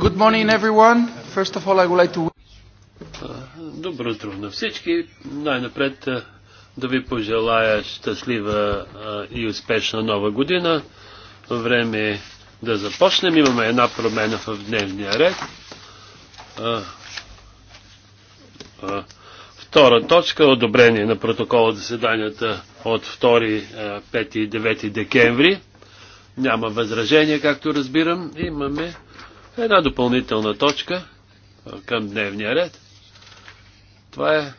Good morning, everyone. First of all, I would like to... Добро утро на всички. Най-напред да ви пожелая щастлива и успешна нова година. Време е да започнем. Имаме една промена в дневния ред. Втора точка одобрение на протокол от заседанията от 2, 5 и 9 декември. Няма възражение, както разбирам. Имаме Една допълнителна точка към дневния ред. Това е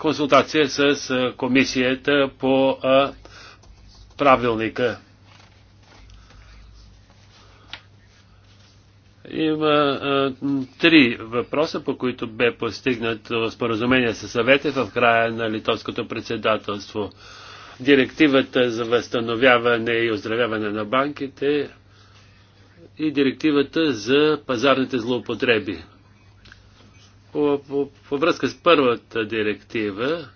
консултация с комисията по правилника Има три въпроса, по които бе постигнато споразумение със съвета в края на литовското председателство. Директивата за възстановяване и оздравяване на банките и директивата за пазарните злоупотреби. По, по, по връзка с първата директива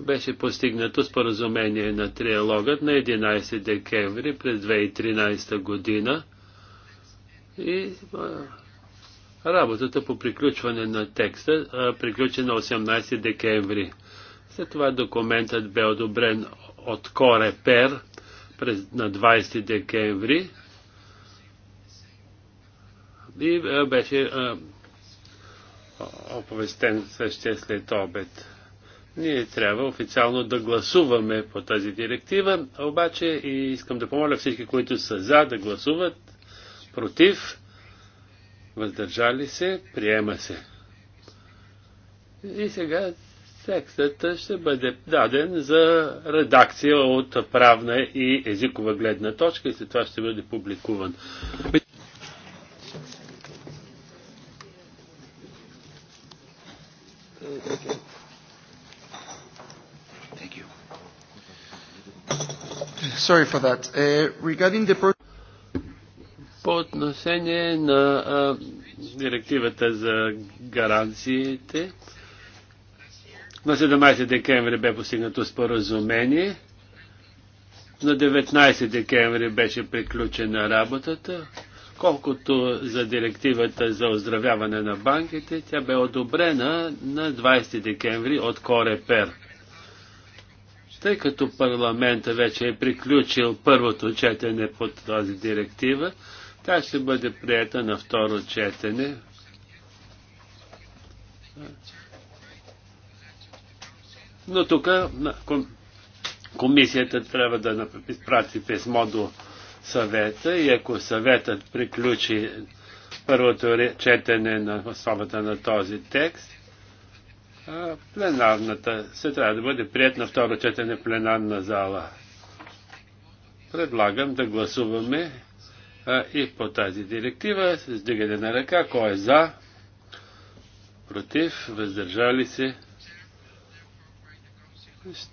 беше постигнато споразумение на триалогът на 11 декември през 2013 година и работата по приключване на текста приключи на 18 декември. След това документът бе одобрен от Корепер през, на 20 декември и беше а, оповестен същия след обед. Ние трябва официално да гласуваме по тази директива, обаче и искам да помоля всички, които са за да гласуват, против, въздържали се, приема се. И сега текстът ще бъде даден за редакция от правна и езикова гледна точка и след това ще бъде публикуван. Sorry for that. Uh, regarding the по отношение на а, директивата за гаранциите, на 17 декември бе постигнато споразумение. На 19 декември беше приключена работата. Колкото за директивата за оздравяване на банките, тя бе одобрена на 20 декември от Корепер. Тъй като парламента вече е приключил първото четене под тази директива, тя ще бъде приета на второ четене. Но тук комисията трябва да изпрати писмо до съвета и ако съветът приключи първото четене на основата на този текст, пленарната се трябва да бъде прият на второ четене пленарна зала. Предлагам да гласуваме и по тази директива с дигане на ръка, кой е за, против, въздържали се.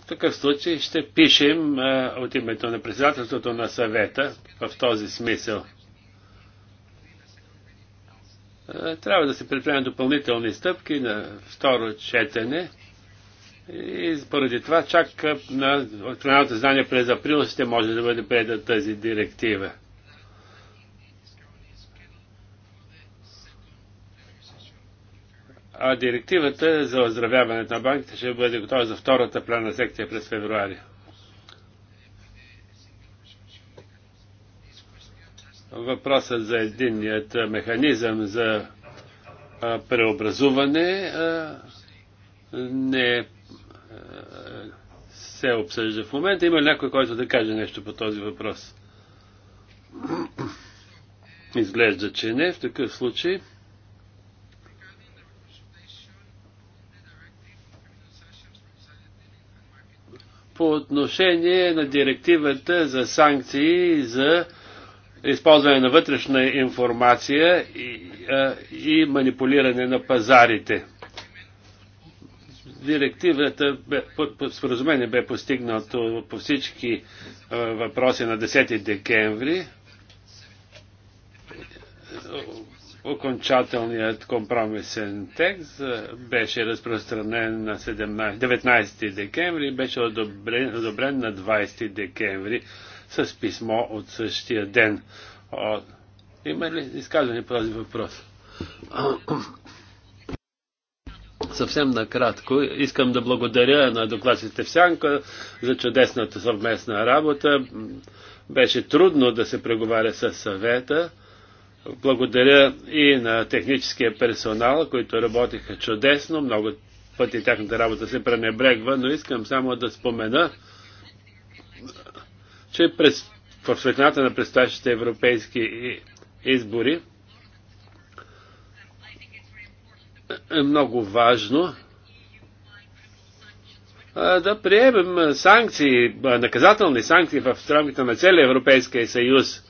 В такъв случай ще пишем а, от името на председателството на съвета в този смисъл. А, трябва да се предприемат допълнителни стъпки на второ четене и поради това чак на от знание през април ще може да бъде преда тази директива. А директивата за оздравяването на банките ще бъде готова за втората плана секция през февруари. Въпросът за единният механизъм за преобразуване не се обсъжда в момента. Има някой, който да каже нещо по този въпрос? Изглежда, че не. В такъв случай по отношение на директивата за санкции за използване на вътрешна информация и, и манипулиране на пазарите. Директивата, бе, по, по споразумение бе постигнато по всички въпроси на 10 декември окончателният компромисен текст беше разпространен на 17, 19 декември, и беше одобрен, одобрен на 20 декември с писмо от същия ден. О, има ли изказване по този въпрос? Съвсем накратко, искам да благодаря на докладчите в Сянка за чудесната съвместна работа. Беше трудно да се преговаря с съвета благодаря и на техническия персонал, които работиха чудесно. Много пъти тяхната работа се пренебрегва, но искам само да спомена, че през, в светната на предстоящите европейски избори е много важно да приемем санкции, наказателни санкции в рамките на целия Европейския съюз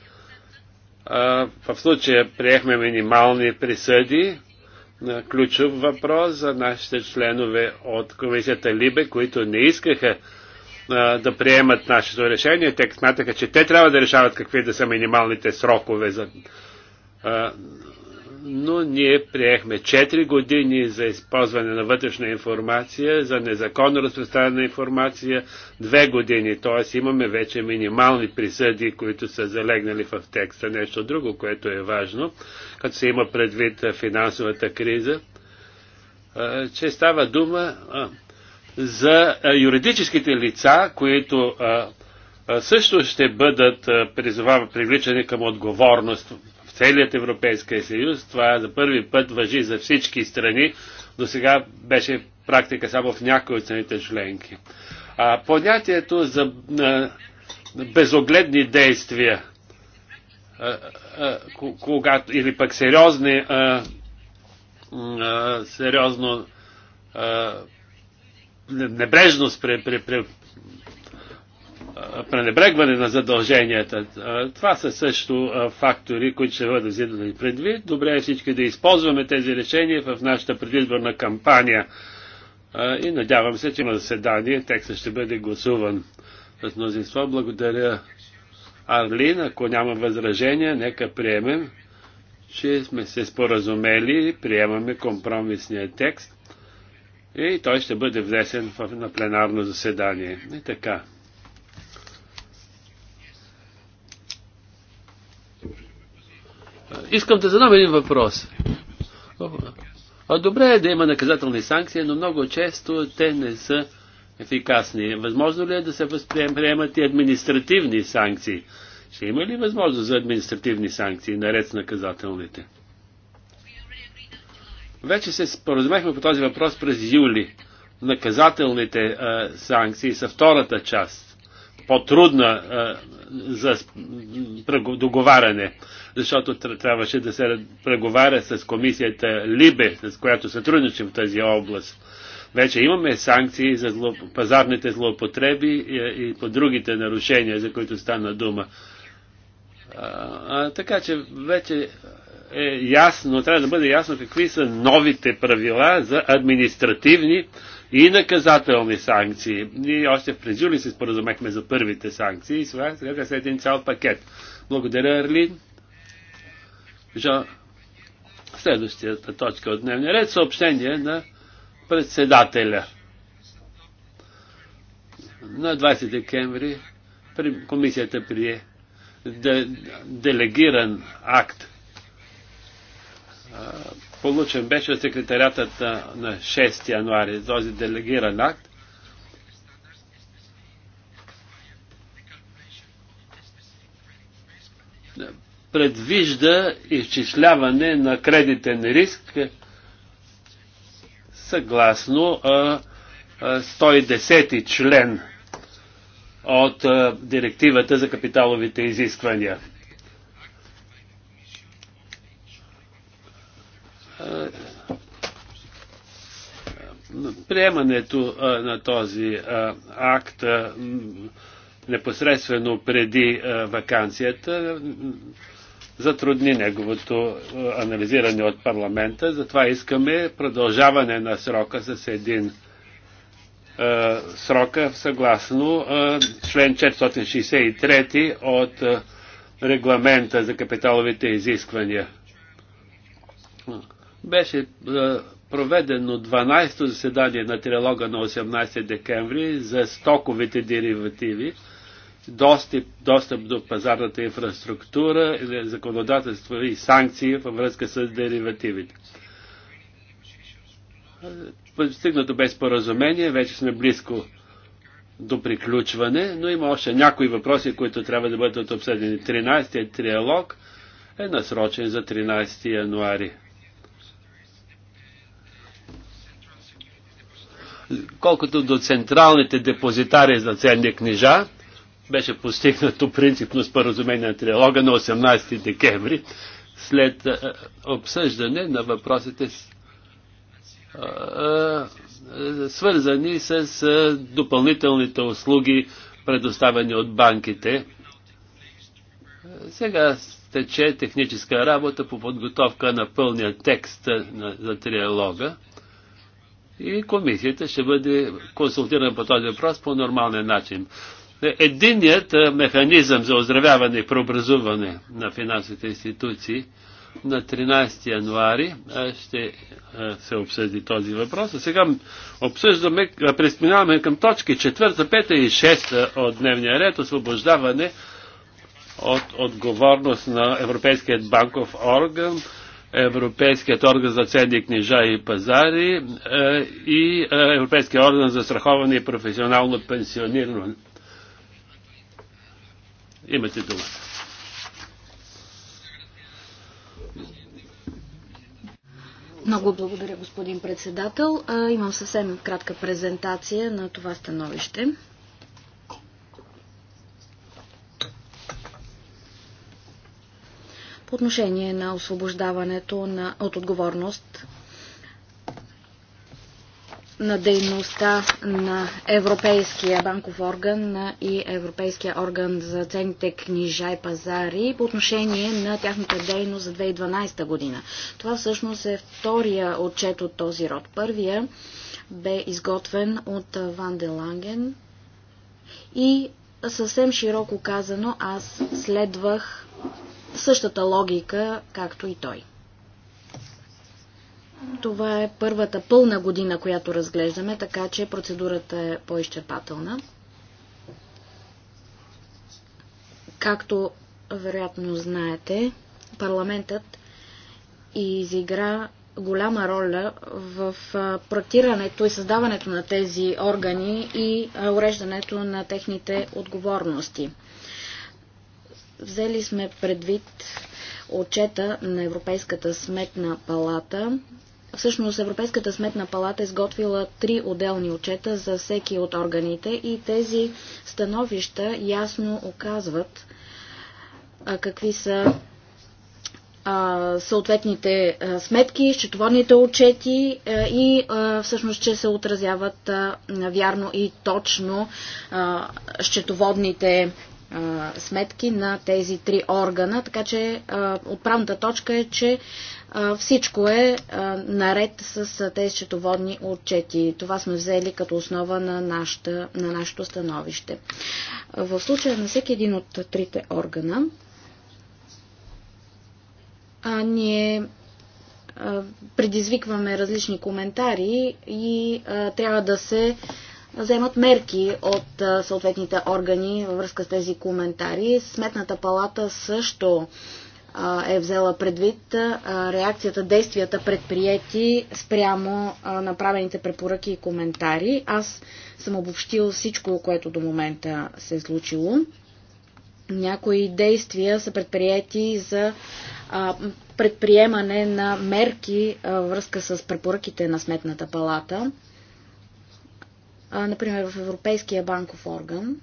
в случая приехме минимални присъди на ключов въпрос за нашите членове от комисията Либе, които не искаха да приемат нашето решение. Те смятаха, че те трябва да решават какви да са минималните срокове за но ние приехме 4 години за използване на вътрешна информация, за незаконно разпространена информация 2 години, т.е. имаме вече минимални присъди, които са залегнали в текста. Нещо друго, което е важно, като се има предвид финансовата криза, че става дума за юридическите лица, които също ще бъдат призовава привличане към отговорност целият Европейския съюз. Това за първи път въжи за всички страни. До сега беше практика само в някои от страните членки. А понятието за а, безогледни действия, когато, или пък сериозни, а, а, сериозно а, небрежност при, при, при пренебрегване на задълженията. Това са също фактори, които ще бъдат взедени предвид. Добре е всички да използваме тези решения в нашата предизборна кампания. И надявам се, че има заседание текстът ще бъде гласуван с мнозинство. Благодаря Арлин. Ако няма възражения, нека приемем, че сме се споразумели, приемаме компромисния текст и той ще бъде внесен на пленарно заседание. И така. искам да задам един въпрос. добре е да има наказателни санкции, но много често те не са ефикасни. Възможно ли е да се възприемат и административни санкции? Ще има ли възможност за административни санкции наред с наказателните? Вече се споразумехме по този въпрос през юли. Наказателните а, санкции са втората част по-трудна е, за договаряне, защото трябваше да се преговаря с комисията Либе, с която сътрудничим в тази област. Вече имаме санкции за зло, пазарните злоупотреби и, е, и по другите нарушения, за които стана дума. А, а, така че вече е ясно, трябва да бъде ясно какви са новите правила за административни и наказателни санкции. Ние още през юли се споразумехме за първите санкции и сега, сега след един цял пакет. Благодаря, Арлин. Жо... Следващата точка от дневния ред съобщение на председателя. На 20 декември комисията прие делегиран акт получен беше от секретарятът на, 6 януари, този делегиран акт. предвижда изчисляване на кредитен риск съгласно 110-ти 110 член от директивата за капиталовите изисквания. приемането на този акт непосредствено преди вакансията затрудни неговото анализиране от парламента. Затова искаме продължаване на срока с един срока съгласно член 463 от регламента за капиталовите изисквания. Беше е, проведено 12-то заседание на трилога на 18 декември за стоковите деривативи, достъп, достъп до пазарната инфраструктура, е, законодателство и санкции във връзка с деривативите. Стигнато без поразумение, вече сме близко до приключване, но има още някои въпроси, които трябва да бъдат обсъдени. 13-тият триалог е насрочен за 13 януари. Колкото до централните депозитари за ценни книжа, беше постигнато принципно споразумение на трилога на 18 декември след обсъждане на въпросите свързани с допълнителните услуги, предоставени от банките. Сега тече техническа работа по подготовка на пълния текст за триалога. И комисията ще бъде консултирана по този въпрос по нормален начин. Единият е, механизъм за оздравяване и преобразуване на финансовите институции на 13 януари е, ще е, се обсъди този въпрос. А сега обсъждаме, пресминаваме към точки 4, 5 и 6 от дневния ред, освобождаване от отговорност на Европейският банков орган, Европейският орган за ценни книжа и пазари е, и е, Европейския орган за страховане и професионално пенсиониране. Имате думата. Много благодаря, господин председател. Имам съвсем кратка презентация на това становище. по отношение на освобождаването на, от отговорност на дейността на Европейския банков орган и Европейския орган за ценните книжа и пазари по отношение на тяхната дейност за 2012 година. Това всъщност е втория отчет от този род. Първия бе изготвен от Ван Деланген и съвсем широко казано аз следвах същата логика, както и той. Това е първата пълна година, която разглеждаме, така че процедурата е по-изчерпателна. Както вероятно знаете, парламентът изигра голяма роля в проектирането и създаването на тези органи и уреждането на техните отговорности. Взели сме предвид отчета на Европейската сметна палата. Всъщност Европейската сметна палата е изготвила три отделни отчета за всеки от органите и тези становища ясно оказват а, какви са а, съответните а, сметки, счетоводните отчети а, и а, всъщност, че се отразяват а, вярно и точно а, счетоводните а, сметки на тези три органа, така че а, отправната точка е, че а, всичко е а, наред с а, тези счетоводни отчети. Това сме взели като основа на, нашата, на нашето становище. В случая на всеки един от трите органа, а, ние предизвикваме различни коментари и а, трябва да се а, вземат мерки от съответните органи във връзка с тези коментари. Сметната палата също е взела предвид реакцията, действията предприяти спрямо направените препоръки и коментари. Аз съм обобщил всичко, което до момента се е случило. Някои действия са предприяти за предприемане на мерки връзка с препоръките на Сметната палата например в Европейския банков орган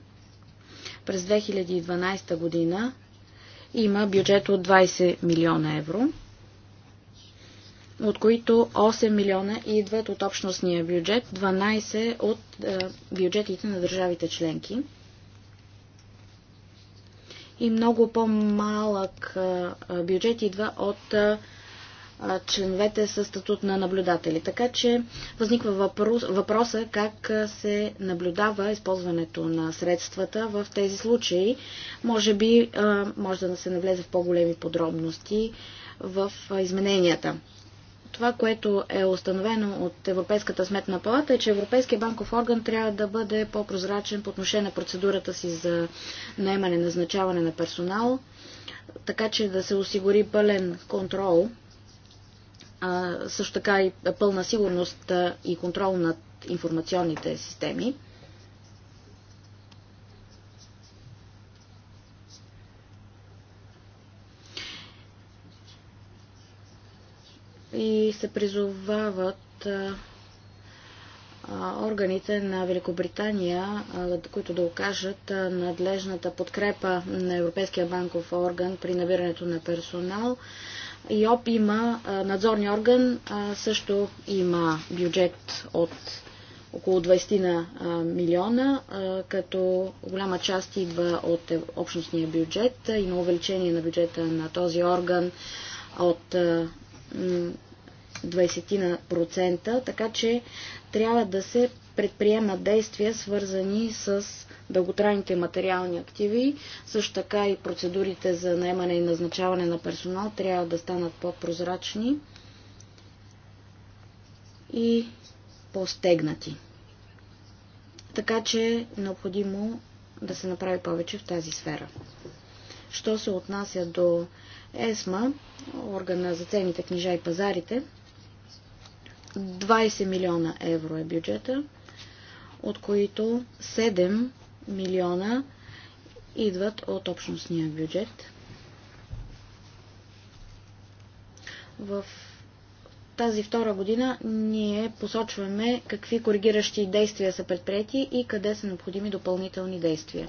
през 2012 година има бюджет от 20 милиона евро, от които 8 милиона идват от общностния бюджет, 12 от бюджетите на държавите членки и много по-малък бюджет идва от членовете с статут на наблюдатели. Така че възниква въпрос, въпроса как се наблюдава използването на средствата в тези случаи. Може би може да се навлезе в по-големи подробности в измененията. Това, което е установено от Европейската сметна палата е, че Европейския банков орган трябва да бъде по-прозрачен по отношение на процедурата си за наемане, назначаване на персонал, така че да се осигури пълен контрол също така и пълна сигурност и контрол над информационните системи. И се призовават органите на Великобритания, които да окажат надлежната подкрепа на Европейския банков орган при набирането на персонал ИОП има надзорни орган, също има бюджет от около 20 на милиона, като голяма част идва от общностния бюджет. Има увеличение на бюджета на този орган от 20 на процента, така че трябва да се предприема действия, свързани с дълготрайните материални активи. Също така и процедурите за наемане и назначаване на персонал трябва да станат по-прозрачни и по-стегнати. Така че е необходимо да се направи повече в тази сфера. Що се отнася до ЕСМА, органа за ценните книжа и пазарите, 20 милиона евро е бюджета от които 7 милиона идват от общностния бюджет. В тази втора година ние посочваме какви коригиращи действия са предприяти и къде са необходими допълнителни действия.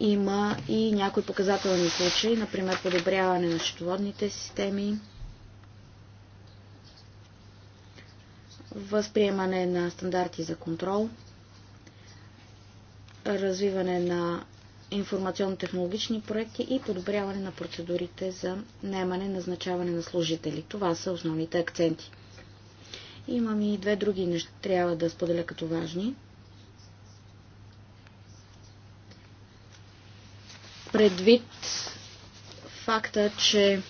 Има и някои показателни случаи, например подобряване на счетоводните системи, възприемане на стандарти за контрол, развиване на информационно-технологични проекти и подобряване на процедурите за наемане, назначаване на служители. Това са основните акценти. Имам и две други неща, трябва да споделя като важни. Предвид факта, че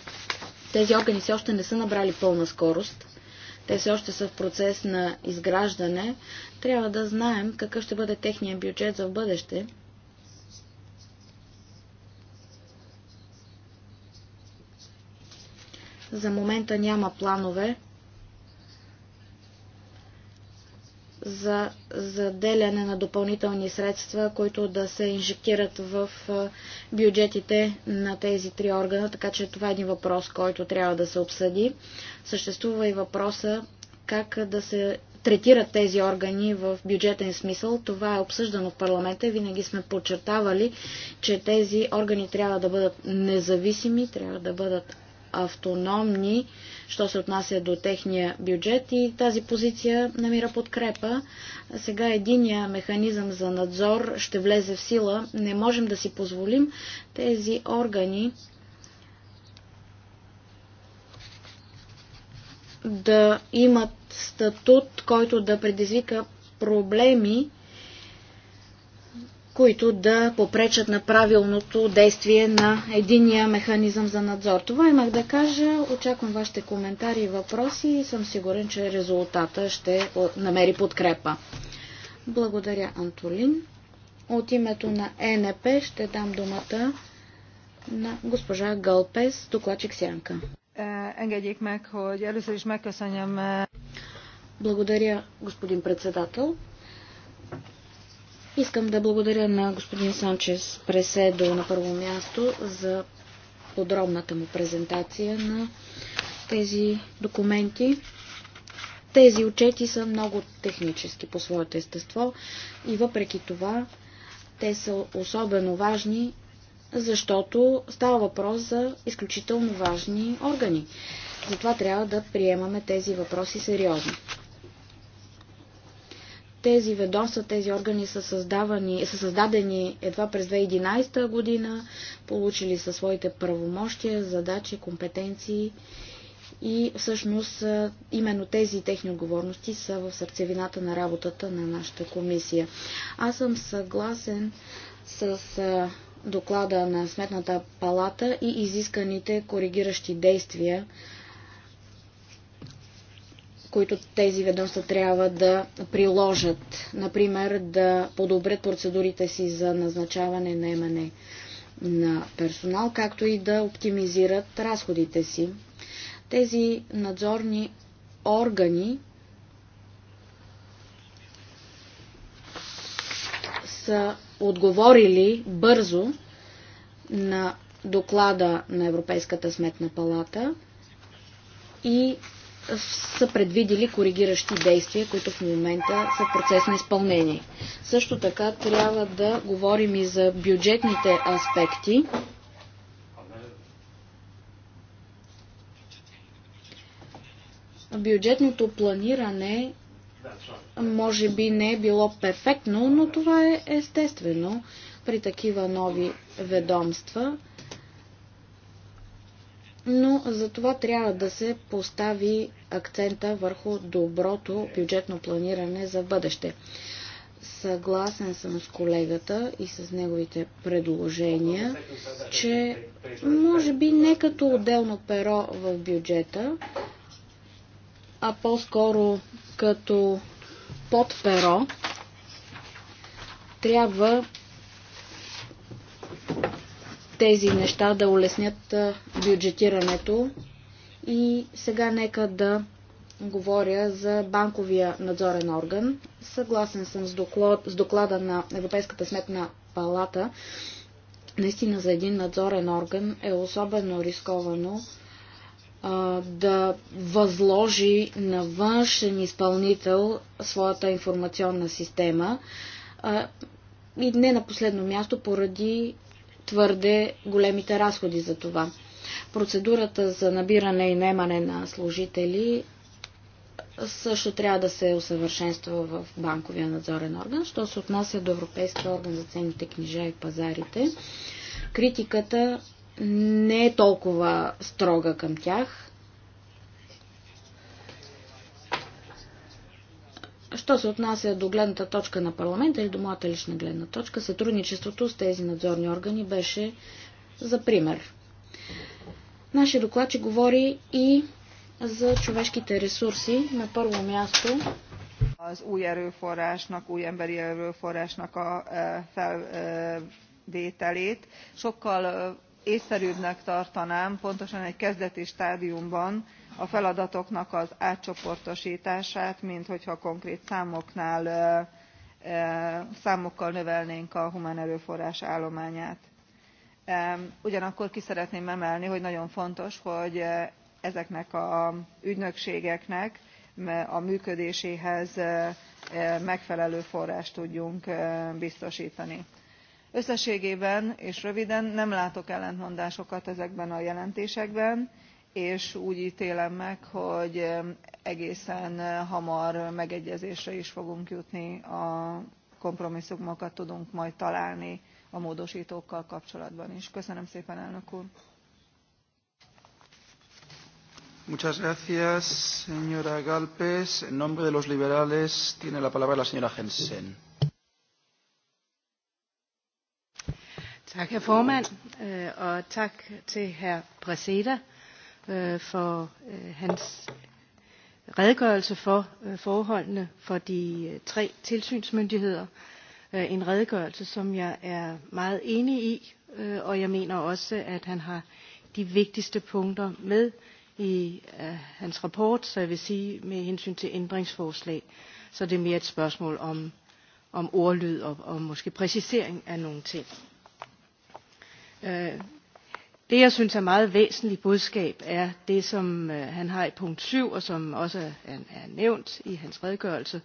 тези органи все още не са набрали пълна скорост, те все още са в процес на изграждане, трябва да знаем какъв ще бъде техния бюджет за в бъдеще. За момента няма планове за заделяне на допълнителни средства, които да се инжектират в бюджетите на тези три органа, така че това е един въпрос, който трябва да се обсъди. Съществува и въпроса как да се третират тези органи в бюджетен смисъл. Това е обсъждано в парламента и винаги сме подчертавали, че тези органи трябва да бъдат независими, трябва да бъдат автономни, що се отнася до техния бюджет и тази позиция намира подкрепа. Сега единия механизъм за надзор ще влезе в сила. Не можем да си позволим тези органи да имат статут, който да предизвика проблеми които да попречат на правилното действие на единия механизъм за надзор. Това имах да кажа. Очаквам вашите коментари и въпроси и съм сигурен, че резултата ще намери подкрепа. Благодаря, Антолин. От името на ЕНП ще дам думата на госпожа Гълпес, докладчик Сянка. Е, е, Благодаря, господин председател. Искам да благодаря на господин Санчес Преседо на първо място за подробната му презентация на тези документи. Тези отчети са много технически по своето естество и въпреки това те са особено важни, защото става въпрос за изключително важни органи. Затова трябва да приемаме тези въпроси сериозно. Тези ведомства, тези органи са, създавани, са създадени едва през 2011 година, получили са своите правомощия, задачи, компетенции и всъщност именно тези техни отговорности са в сърцевината на работата на нашата комисия. Аз съм съгласен с доклада на Сметната палата и изисканите коригиращи действия които тези ведомства трябва да приложат. Например, да подобрят процедурите си за назначаване и наемане на персонал, както и да оптимизират разходите си. Тези надзорни органи са отговорили бързо на доклада на Европейската сметна палата и са предвидили коригиращи действия, които в момента са в процес на изпълнение. Също така трябва да говорим и за бюджетните аспекти. Бюджетното планиране може би не е било перфектно, но това е естествено при такива нови ведомства но за това трябва да се постави акцента върху доброто бюджетно планиране за бъдеще. Съгласен съм с колегата и с неговите предложения, че може би не като отделно перо в бюджета, а по-скоро като подперо трябва тези неща да улеснят бюджетирането. И сега нека да говоря за банковия надзорен орган. Съгласен съм с, доклад, с доклада на Европейската сметна палата. Наистина за един надзорен орган е особено рисковано а, да възложи на външен изпълнител своята информационна система. А, и не на последно място поради твърде големите разходи за това. Процедурата за набиране и наемане на служители също трябва да се усъвършенства в банковия надзорен орган. Що се отнася до Европейския орган за ценните книжа и пазарите, критиката не е толкова строга към тях. Що се отнася до гледната точка на парламента или до моята лична гледна точка, сътрудничеството с тези надзорни органи беше за пример. Нашия доклад ще говори и за човешките ресурси. На първо място az új erőforrásnak, új emberi erőforrásnak a е, felvételét. Е, Sokkal е, észszerűbbnek tartanám, pontosan egy kezdeti stádiumban a feladatoknak az átcsoportostását mint hogyha konkrét számoknál számokkal növelnénk a humánerőforrás állományát. ugyanakkor ki szeretném emelni hogy nagyon fontos hogy ezeknek az ügynökségeknek a működéséhez megfelelő forrást tudjunk biztostani. összességében és röviden nem látok ellentmondásokat ezekben a jelentésekben és úgy télem meg hogy egészen hamar megegyezésre is fogunk jutni a kompromisszumokat tudunk majd találni a módostókkal kapcsolatban is. köszönöm szépen elnök úr! Muchas gracias, señora Galpes. En nombre de los liberales tiene la palabra la señora Jensen. Tak, herr formand, og tak til herr Preseda øh, for øh, hans redegørelse for øh, forholdene for de øh, tre tilsynsmyndigheder. Øh, en redegørelse, som jeg er meget enig i, øh, og jeg mener også, at han har de vigtigste punkter med i øh, hans rapport, så jeg vil sige med hensyn til ændringsforslag, så det er mere et spørgsmål om, om ordlyd og, og måske præcisering af nogle ting. Det, jeg synes er meget væsentligt budskab, er det, som han har i punkt 7, og som også er nævnt i hans redegørelse,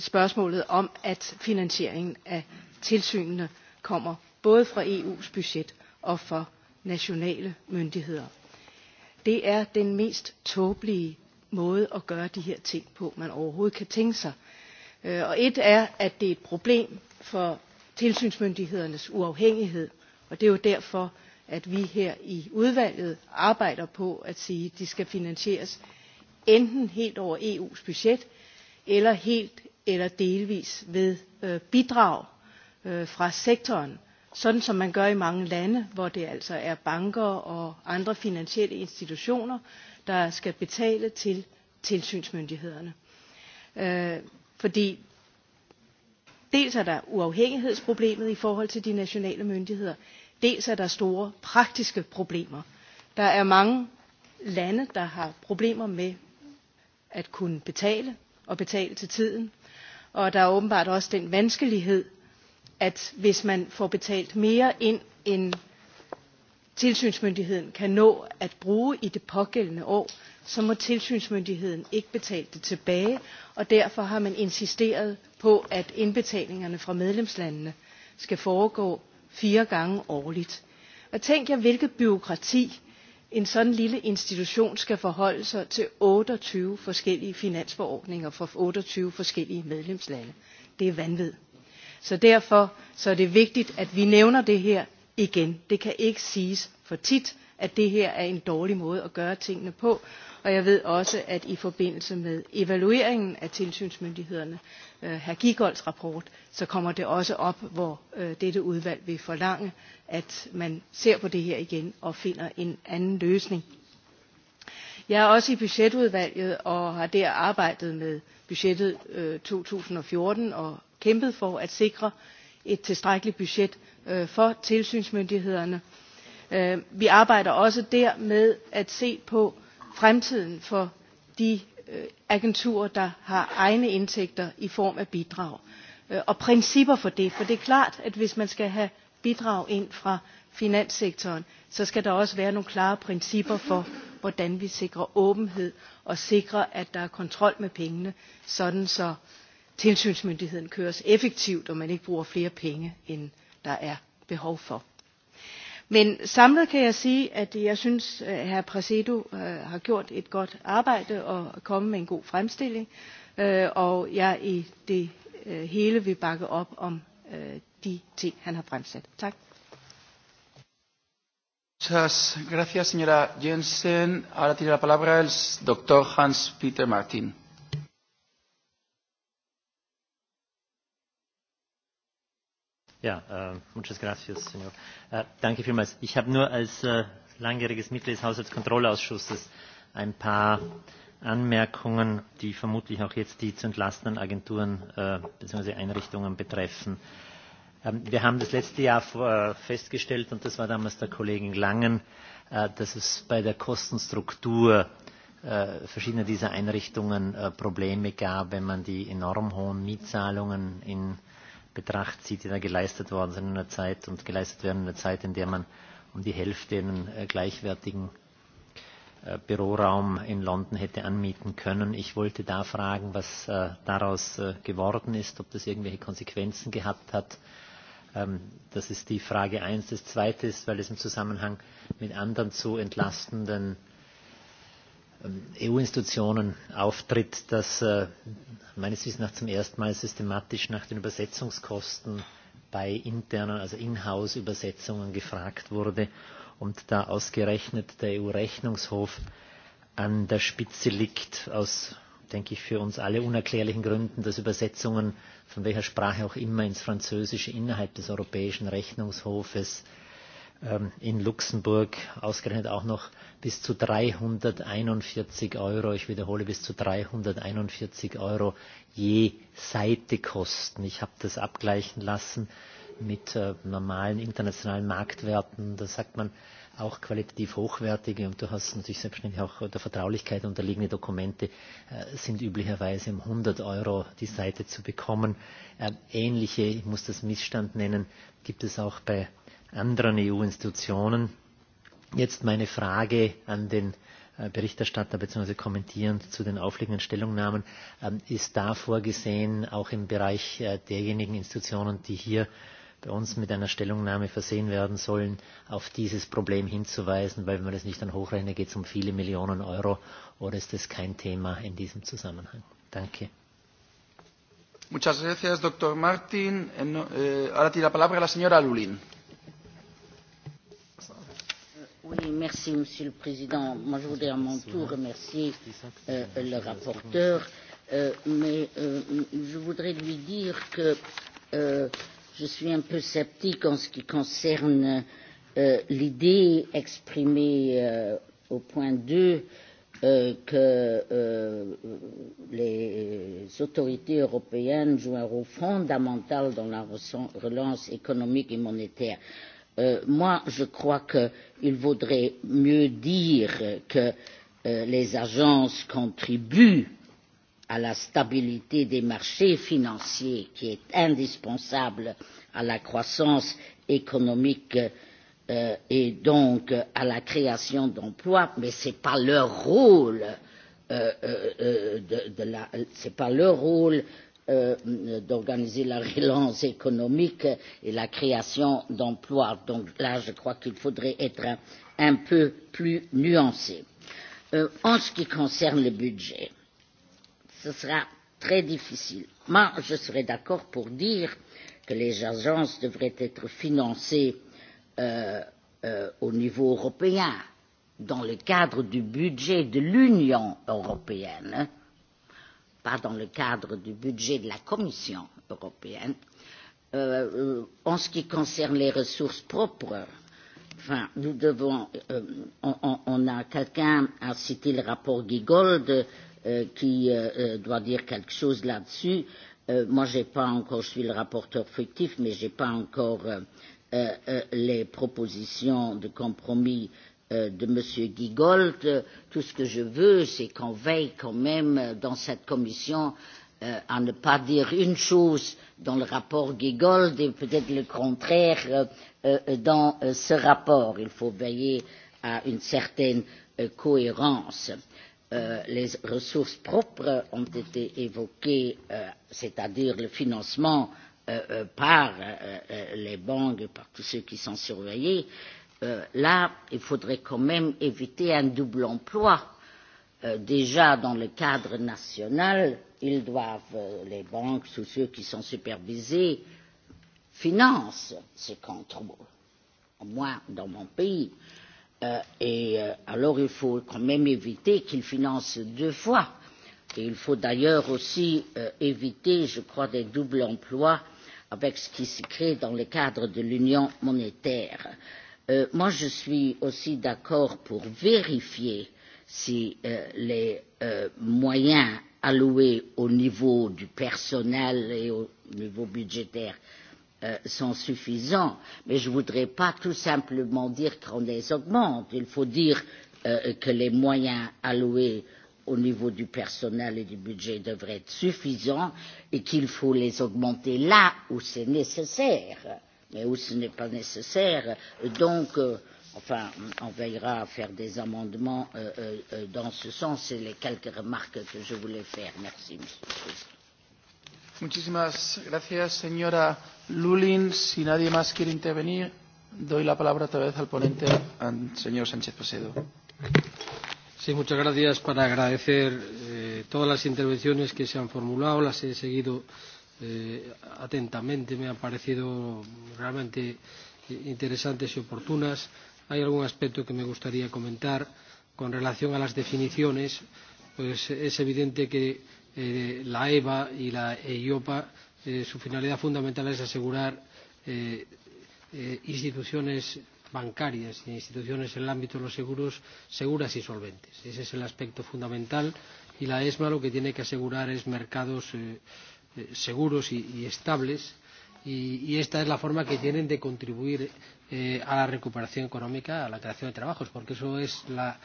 spørgsmålet om, at finansieringen af tilsynene kommer både fra EU's budget og fra nationale myndigheder. Det er den mest tåbelige måde at gøre de her ting på, man overhovedet kan tænke sig. Og et er, at det er et problem for tilsynsmyndighedernes uafhængighed, Og det er jo derfor, at vi her i udvalget arbejder på at sige, at de skal finansieres enten helt over EU's budget, eller helt eller delvis ved bidrag fra sektoren, sådan som man gør i mange lande, hvor det altså er banker og andre finansielle institutioner, der skal betale til tilsynsmyndighederne. Fordi dels er der uafhængighedsproblemet i forhold til de nationale myndigheder dels er der store praktiske problemer der er mange lande der har problemer med at kunne betale og betale til tiden og der er åbenbart også den vanskelighed at hvis man får betalt mere ind end tilsynsmyndigheden kan nå at bruge i det pågældende år så må tilsynsmyndigheden ikke betale det tilbage og derfor har man insisteret på, at indbetalingerne fra medlemslandene skal foregå fire gange årligt. Og tænk jer, hvilket byråkrati en sådan lille institution skal forholde sig til 28 forskellige finansforordninger fra 28 forskellige medlemslande. Det er vanvid. Så derfor så er det vigtigt, at vi nævner det her igen. Det kan ikke siges for tit, at det her er en dårlig måde at gøre tingene på, og jeg ved også at i forbindelse med evalueringen af tilsynsmyndighederne herre gigolds rapport så kommer det også op hvor dette udvalg vil forlange at man ser på det her igen og finder en anden løsning jeg er også i budgetudvalget og har der arbejdet med budgettet to tusind og fjorten og kæmpet for at sikre et tilstrækkeligt budget for tilsynsmyndighederne vi arbejder også der med at se på fremtiden for de agenturer, der har egne indtægter i form af bidrag. Og principper for det, for det er klart, at hvis man skal have bidrag ind fra finanssektoren, så skal der også være nogle klare principper for, hvordan vi sikrer åbenhed og sikrer, at der er kontrol med pengene, sådan så tilsynsmyndigheden køres effektivt, og man ikke bruger flere penge, end der er behov for. Men samlet kan jeg sige, at jeg synes, at herr Præsedo har gjort et godt arbejde og kommet med en god fremstilling, og jeg i det hele vil bakke op om de ting, han har fremsat. Tak. Muchas gracias, señora Jensen. Ahora tiene la palabra el doctor Hans-Peter Martin. Ja, danke vielmals. Ich habe nur als langjähriges Mitglied des Haushaltskontrollausschusses ein paar Anmerkungen, die vermutlich auch jetzt die zu entlastenden Agenturen bzw. Einrichtungen betreffen. wir haben das letzte Jahr festgestellt, und das war damals der Kollegin Langen, dass es bei der Kostenstruktur verschiedener dieser Einrichtungen Probleme gab, wenn man die enorm hohen Mietzahlungen in Betracht zieht, die da geleistet worden sind in einer Zeit und geleistet werden in einer Zeit, in der man um die Hälfte einen gleichwertigen Büroraum in London hätte anmieten können. Ich wollte da fragen, was daraus geworden ist, ob das irgendwelche Konsequenzen gehabt hat. Das ist die Frage eins. Das zweite ist, weil es im Zusammenhang mit anderen zu entlastenden EU-Institutionen auftritt, dass meines Wissens nach zum ersten Mal systematisch nach den Übersetzungskosten bei internen, also Inhouse-Übersetzungen gefragt wurde und da ausgerechnet der EU-Rechnungshof an der Spitze liegt, aus, denke ich, für uns alle unerklärlichen Gründen, dass Übersetzungen von welcher Sprache auch immer ins Französische innerhalb des Europäischen Rechnungshofes äh, in Luxemburg ausgerechnet auch noch bis zu 341 Euro, ich wiederhole, bis zu 341 Euro je Seite kosten. Ich habe das abgleichen lassen mit normalen internationalen Marktwerten. Da sagt man, auch qualitativ hochwertige und du hast natürlich selbstverständlich auch der Vertraulichkeit unterliegende Dokumente sind üblicherweise um 100 Euro die Seite zu bekommen. Ähnliche, ich muss das Missstand nennen, gibt es auch bei anderen EU-Institutionen. Jetzt meine Frage an den Berichterstatter bzw. kommentierend zu den aufliegenden Stellungnahmen. Ist da vorgesehen, auch im Bereich derjenigen Institutionen, die hier bei uns mit einer Stellungnahme versehen werden sollen, auf dieses Problem hinzuweisen, weil wenn man das nicht dann hochrechnet, geht es um viele Millionen Euro oder ist das kein Thema in diesem Zusammenhang? Danke. Muchas gracias, doctor Martin. ahora tiene la palabra la señora Lulín merci Monsieur le Président. je voudrais à mon tour remercier le rapporteur, mais je voudrais lui dire que je suis un peu sceptique en ce qui concerne l'idée exprimée au point deux, que les autorités européennes jouent un rôle fondamental dans la relance économique et monétaire moi, je crois qu'il vaudrait mieux dire que les agences contribuent à la stabilité des marchés financiers qui est indispensable à la croissance économique et donc à la création d'emplois, mais ce n'est pas leur rôle d'organiser la relance économique et la création d'emplois. Donc là, je crois qu'il faudrait être un, un peu plus nuancé. Euh, en ce qui concerne le budget, ce sera très difficile. Moi, je serais d'accord pour dire que les agences devraient être financées euh, euh, au niveau européen, dans le cadre du budget de l'Union européenne. Hein pas dans le cadre du budget de la Commission européenne. Euh, en ce qui concerne les ressources propres, enfin, nous devons, euh, on, on, on a quelqu'un a cité le rapport Gigold euh, qui euh, doit dire quelque chose là-dessus. Euh, moi, j'ai pas encore, je suis le rapporteur fictif, mais j'ai pas encore euh, euh, les propositions de compromis euh, de M. Giegold. Tout ce que je veux, c'est qu'on veille quand même dans cette commission euh, à ne pas dire une chose dans le rapport Giegold et peut-être le contraire euh, dans euh, ce rapport. Il faut veiller à une certaine euh, cohérence. Euh, les ressources propres ont été évoquées, euh, c'est-à-dire le financement euh, par euh, les banques, par tous ceux qui sont surveillés. Euh, là, il faudrait quand même éviter un double emploi. Euh, déjà, dans le cadre national, ils doivent, euh, les banques, ou ceux qui sont supervisés, financent ces contrôles, au moins dans mon pays. Euh, et euh, alors, il faut quand même éviter qu'ils financent deux fois. Et il faut d'ailleurs aussi euh, éviter, je crois, des doubles emplois avec ce qui se crée dans le cadre de l'union monétaire. Euh, moi, je suis aussi d'accord pour vérifier si les moyens alloués au niveau du personnel et au niveau budgétaire sont suffisants, mais je ne voudrais pas tout simplement dire qu'on les augmente. Il faut dire que les moyens alloués au niveau du personnel et du budget devraient être suffisants et qu'il faut les augmenter là où c'est nécessaire mais où ce n'est pas nécessaire. Donc, euh, enfin, on veillera à faire des amendements euh, euh, dans ce sens. C'est les quelques remarques que je voulais faire. Merci, Monsieur le Président. Muchísimas gracias, señora Lulin. Si nadie más quiere intervenir, doy la palabra otra vez al ponente, al señor Sánchez Posedo. Sí, muchas gracias para agradecer eh, todas las intervenciones que se han formulado, las he seguido eh, atentamente. Me han parecido realmente interesantes y oportunas. Hay algún aspecto que me gustaría comentar con relación a las definiciones. Pues es evidente que eh, la EVA y la EIOPA, eh, su finalidad fundamental es asegurar eh, eh, instituciones bancarias e instituciones en el ámbito de los seguros seguras y solventes. Ese es el aspecto fundamental y la ESMA lo que tiene que asegurar es mercados eh, seguros y, estables y, esta es la forma que tienen de contribuir a la recuperación económica, a la creación de trabajos, porque eso es la,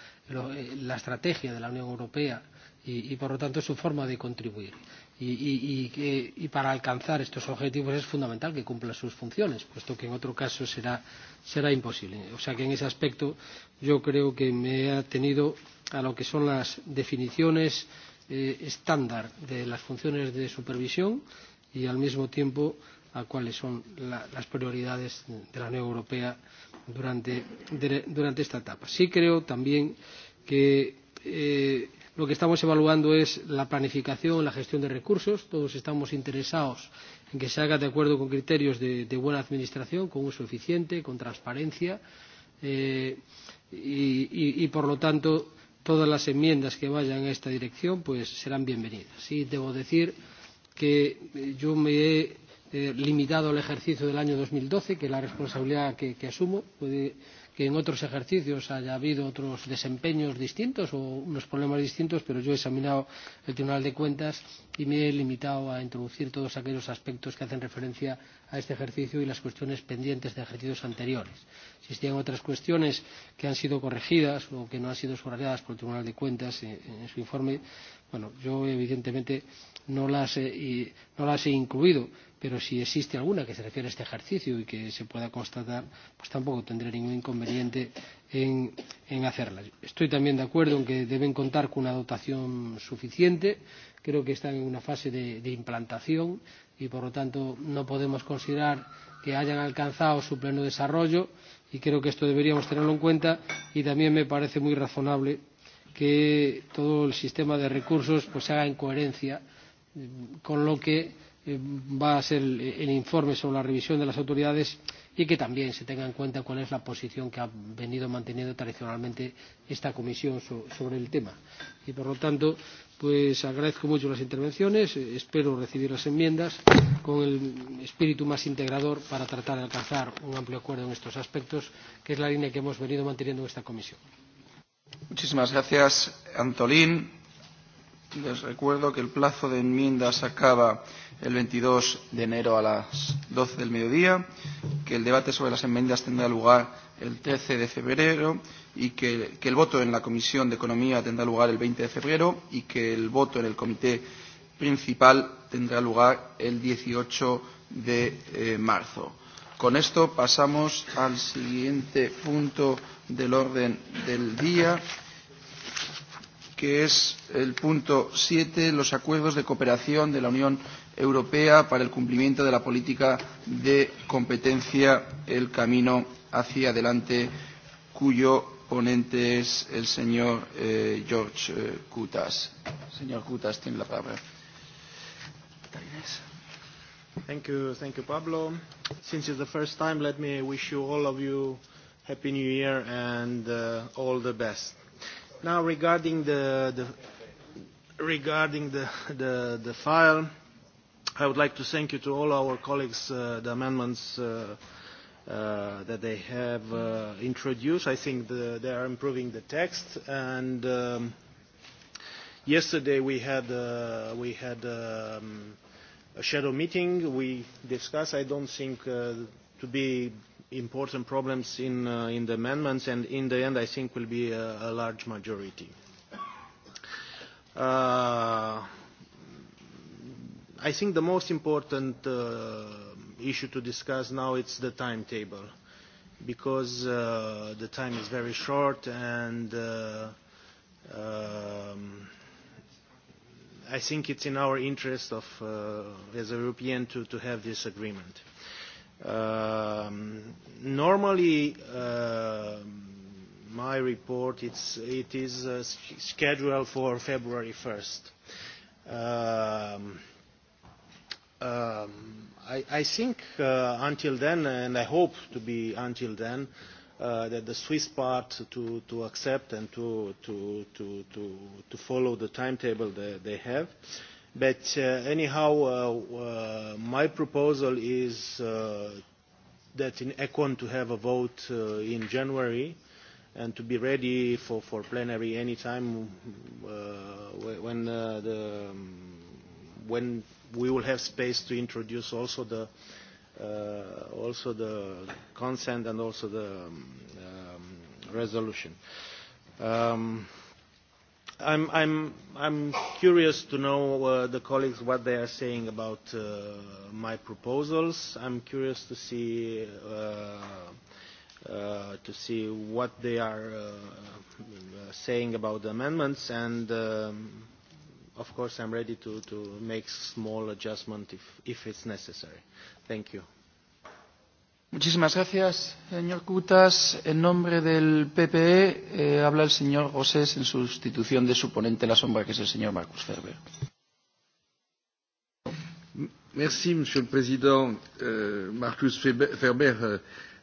estrategia de la Unión Europea y, por lo tanto su forma de contribuir. Y, para alcanzar estos objetivos es fundamental que cumpla sus funciones, puesto que en otro caso será, será imposible. O sea que en ese aspecto yo creo que me he atenido a lo que son las definiciones, eh, eh, estándar de las funciones de supervisión y al mismo tiempo a cuáles son la, las prioridades de la Unión Europea durante, de, durante esta etapa. Sí creo también que eh, lo que estamos evaluando es la planificación, la gestión de recursos. Todos estamos interesados en que se haga de acuerdo con criterios de, de buena administración, con uso eficiente, con transparencia eh, y, y, y, por lo tanto, todas las enmiendas que vayan en esta dirección pues serán bienvenidas. Y debo decir que yo me he limitado al ejercicio del año dos mil doce, que es la responsabilidad que, asumo. Puede que en otros ejercicios haya habido otros desempeños distintos o unos problemas distintos, pero yo he examinado el Tribunal de Cuentas y me he limitado a introducir todos aquellos aspectos que hacen referencia a este ejercicio y las cuestiones pendientes de ejercicios anteriores. Existían otras cuestiones que han sido corregidas o que no han sido subrayadas por el Tribunal de Cuentas en, en su informe. Bueno, yo evidentemente no las he, no las he incluido pero si existe alguna que se refiere a este ejercicio y que se pueda constatar, pues tampoco tendré ningún inconveniente en, en hacerla. Estoy también de acuerdo en que deben contar con una dotación suficiente. Creo que están en una fase de, de implantación y, por lo tanto, no podemos considerar que hayan alcanzado su pleno desarrollo y creo que esto deberíamos tenerlo en cuenta y también me parece muy razonable que todo el sistema de recursos pues se haga en coherencia con lo que va a ser el informe sobre la revisión de las autoridades y que también se tenga en cuenta cuál es la posición que ha venido manteniendo tradicionalmente esta comisión sobre el tema. Y por lo tanto, pues agradezco mucho las intervenciones, espero recibir las enmiendas con el espíritu más integrador para tratar de alcanzar un amplio acuerdo en estos aspectos, que es la línea que hemos venido manteniendo en esta comisión. Muchísimas gracias, Antolín. Les recuerdo que el plazo de enmiendas acaba el 22 de enero a las 12 del mediodía, que el debate sobre las enmiendas tendrá lugar el 13 de febrero y que, que el voto en la Comisión de Economía tendrá lugar el 20 de febrero y que el voto en el Comité Principal tendrá lugar el 18 de eh, marzo. Con esto pasamos al siguiente punto del orden del día, que es el punto 7, los acuerdos de cooperación de la Unión Europea Europea para el cumplimiento de la política de competencia El Camino hacia adelante, cuyo ponente es el señor eh, George Cutas. eh, Señor Cutas tiene la palabra. Thank you, thank you, Pablo. Since it's the first time, let me wish you all of you Happy New Year and uh, all the best. Now, regarding the, the regarding the, the, the file, I would like to thank you to all our colleagues, uh, the amendments uh, uh, that they have uh, introduced. I think the, they are improving the text. And um, yesterday we had, uh, we had um, a shadow meeting. We discussed, I don't think, uh, to be important problems in, uh, in the amendments. And in the end, I think will be a, a large majority. Uh, I think the most important uh, issue to discuss now is the timetable, because uh, the time is very short, and uh, um, I think it's in our interest of, uh, as a European to, to have this agreement. Um, normally, uh, my report it's, it is uh, scheduled for February 1st. Um, Um, I, I think uh, until then, and I hope to be until then, uh, that the Swiss part to, to accept and to, to, to, to, to follow the timetable that they have. But uh, anyhow, uh, uh, my proposal is uh, that in ECON to have a vote uh, in January and to be ready for, for plenary time uh, when uh, the when we will have space to introduce also the uh, also the consent and also the um, resolution. Um, I'm, I'm, I'm curious to know uh, the colleagues what they are saying about uh, my proposals. I'm curious to see uh, uh, to see what they are uh, saying about the amendments and. Um, of course, I'm ready to, to make small adjustment if, if it's necessary. Thank you. Muchísimas gracias, señor Cutas. En nombre del PPE eh, habla el señor en sustitución de su ponente la sombra, que es el señor Marcus Ferber. Merci, Monsieur le Président. Euh, Marcus Ferber euh,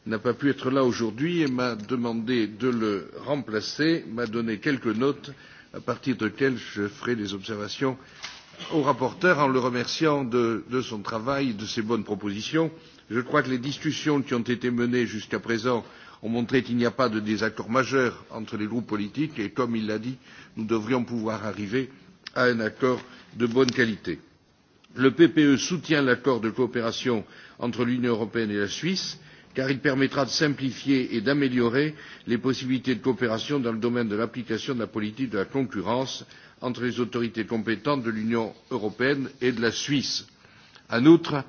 n'a pas pu être là aujourd'hui et m'a demandé de le remplacer, m'a donné quelques notes à partir duquel je ferai des observations au rapporteur en le remerciant de, son travail et de ses bonnes propositions. Je crois que les discussions qui ont été menées jusqu'à présent ont montré qu'il n'y a pas de désaccord majeur entre les groupes politiques et, comme il l'a dit, nous devrions pouvoir arriver à un accord de bonne qualité. Le PPE soutient l'accord de coopération entre l'Union européenne et la Suisse car il permettra de simplifier et d'améliorer les possibilités de coopération dans le domaine de l'application de la politique de la concurrence entre les autorités compétentes de l'union européenne et de la suisse. en outre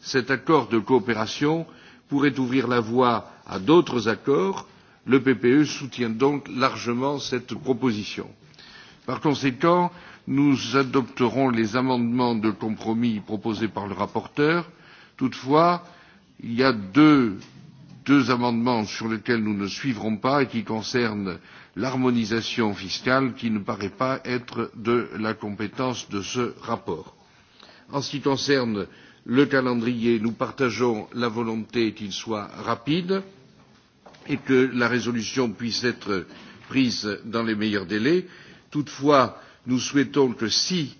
cet accord de coopération pourrait ouvrir la voie à d'autres accords. le ppe soutient donc largement cette proposition. par conséquent nous adopterons les amendements de compromis proposés par le rapporteur. toutefois Il y a deux, deux amendements sur lesquels nous ne suivrons pas et qui concernent l'harmonisation fiscale qui ne paraît pas être de la compétence de ce rapport. En ce qui concerne le calendrier, nous partageons la volonté qu'il soit rapide et que la résolution puisse être prise dans les meilleurs délais. Toutefois, nous souhaitons que si,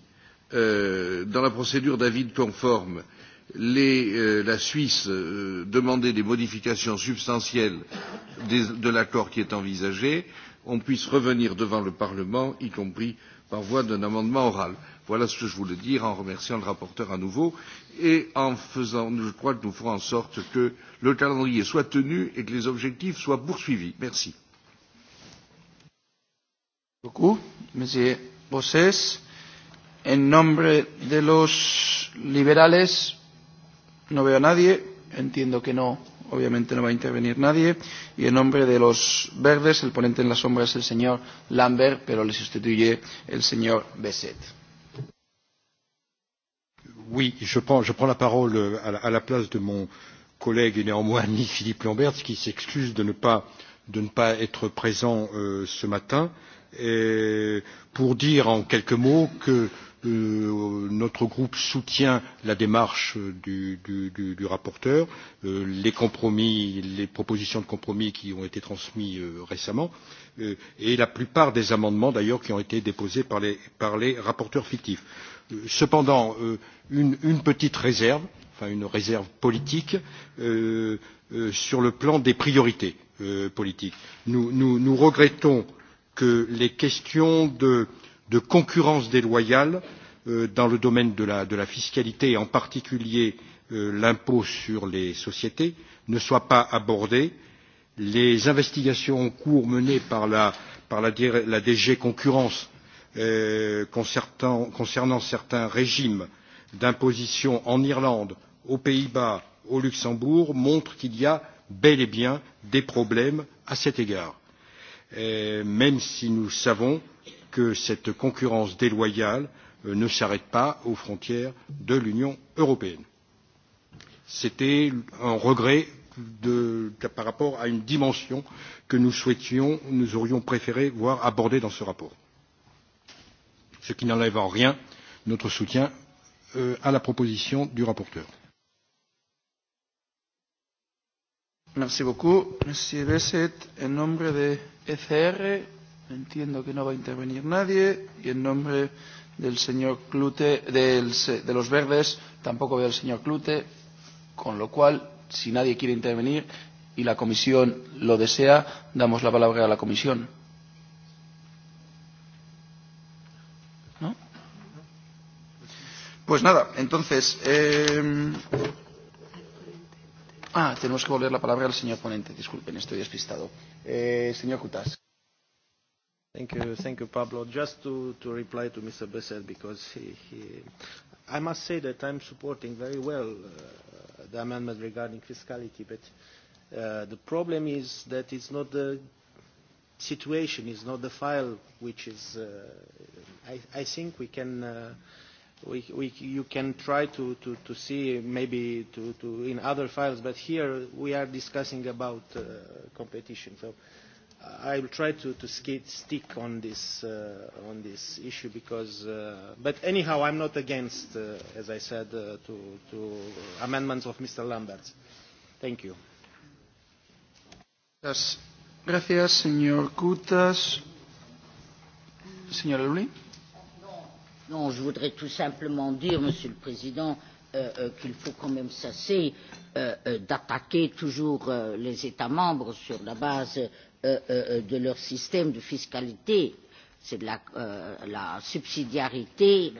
dans la procédure d'avis conforme, la Suisse demander des modifications substantielles de l'accord qui est envisagé, on puisse revenir devant le Parlement, y compris par voie d'un amendement oral. Voilà ce que je voulais dire en remerciant le rapporteur à nouveau et en faisant, je crois que nous ferons en sorte que le calendrier soit tenu et que les objectifs soient poursuivis. Merci. Beaucoup, Monsieur Bossès. En nombre de los liberales, No veo a nadie. Entiendo que no. Obviamente no va a intervenir nadie. Y en nombre de los verdes, el ponente en la sombra es el señor Lambert, pero le sustituye el señor Besset. Oui, je prends, je prends la parole à la, à la place de mon collègue et néanmoins ami Philippe Lambert, qui s'excuse de ne pas, de ne pas être présent euh, ce matin, et pour dire en quelques mots que notre groupe soutient la démarche du, rapporteur, les compromis, les propositions de compromis qui ont été transmises récemment et la plupart des amendements d'ailleurs qui ont été déposés par les, rapporteurs fictifs. Cependant, une, petite réserve, enfin une réserve politique, sur le plan des priorités politiques. Nous, regrettons que les questions de de concurrence déloyale dans le domaine de la, fiscalité et en particulier l'impôt sur les sociétés ne soient pas abordées. Les investigations en cours menées par la, DG Concurrence concernant certains régimes d'imposition en Irlande, aux Pays-Bas, et au Luxembourg montrent qu'il y a bel et bien des problèmes à cet égard. même si nous savons que cette concurrence déloyale ne s'arrête pas aux frontières de l'Union européenne. C'était un regret par rapport à une dimension que nous souhaitions, nous aurions préféré voir abordée dans ce rapport. Ce qui n'enlève en rien notre soutien à la proposition du rapporteur. Merci beaucoup. Monsieur Besset, en nombre de ECR, Entiendo que no va a intervenir nadie y en nombre del señor Clute, del, de los verdes, tampoco veo al señor Clute, con lo cual, si nadie quiere intervenir y la comisión lo desea, damos la palabra a la comisión. ¿No? Pues nada, entonces. Eh... Ah, tenemos que volver la palabra al señor ponente. Disculpen, estoy despistado. Eh, señor Cutas. Thank you, thank you, Pablo. Just to, to reply to Mr. Besset, because he, he, I must say that I'm supporting very well uh, the amendment regarding fiscality, but uh, the problem is that it's not the situation, it's not the file which is. Uh, I, I think we can. Uh, we, we, you can try to, to, to see maybe to, to in other files, but here we are discussing about uh, competition. So I will try to, to skate, stick on this, uh, on this issue because, uh, but anyhow, I'm not against, uh, as I said, uh, to, to amendments of Mr. Lambert. Thank you. Gracias, Gracias señor Kutas. Señora Lully. Non, je voudrais tout simplement dire, Monsieur le Président, qu'il faut quand même cesser d'attaquer toujours les États membres sur la base de leur système de fiscalité. C'est de la, euh, la subsidiarité.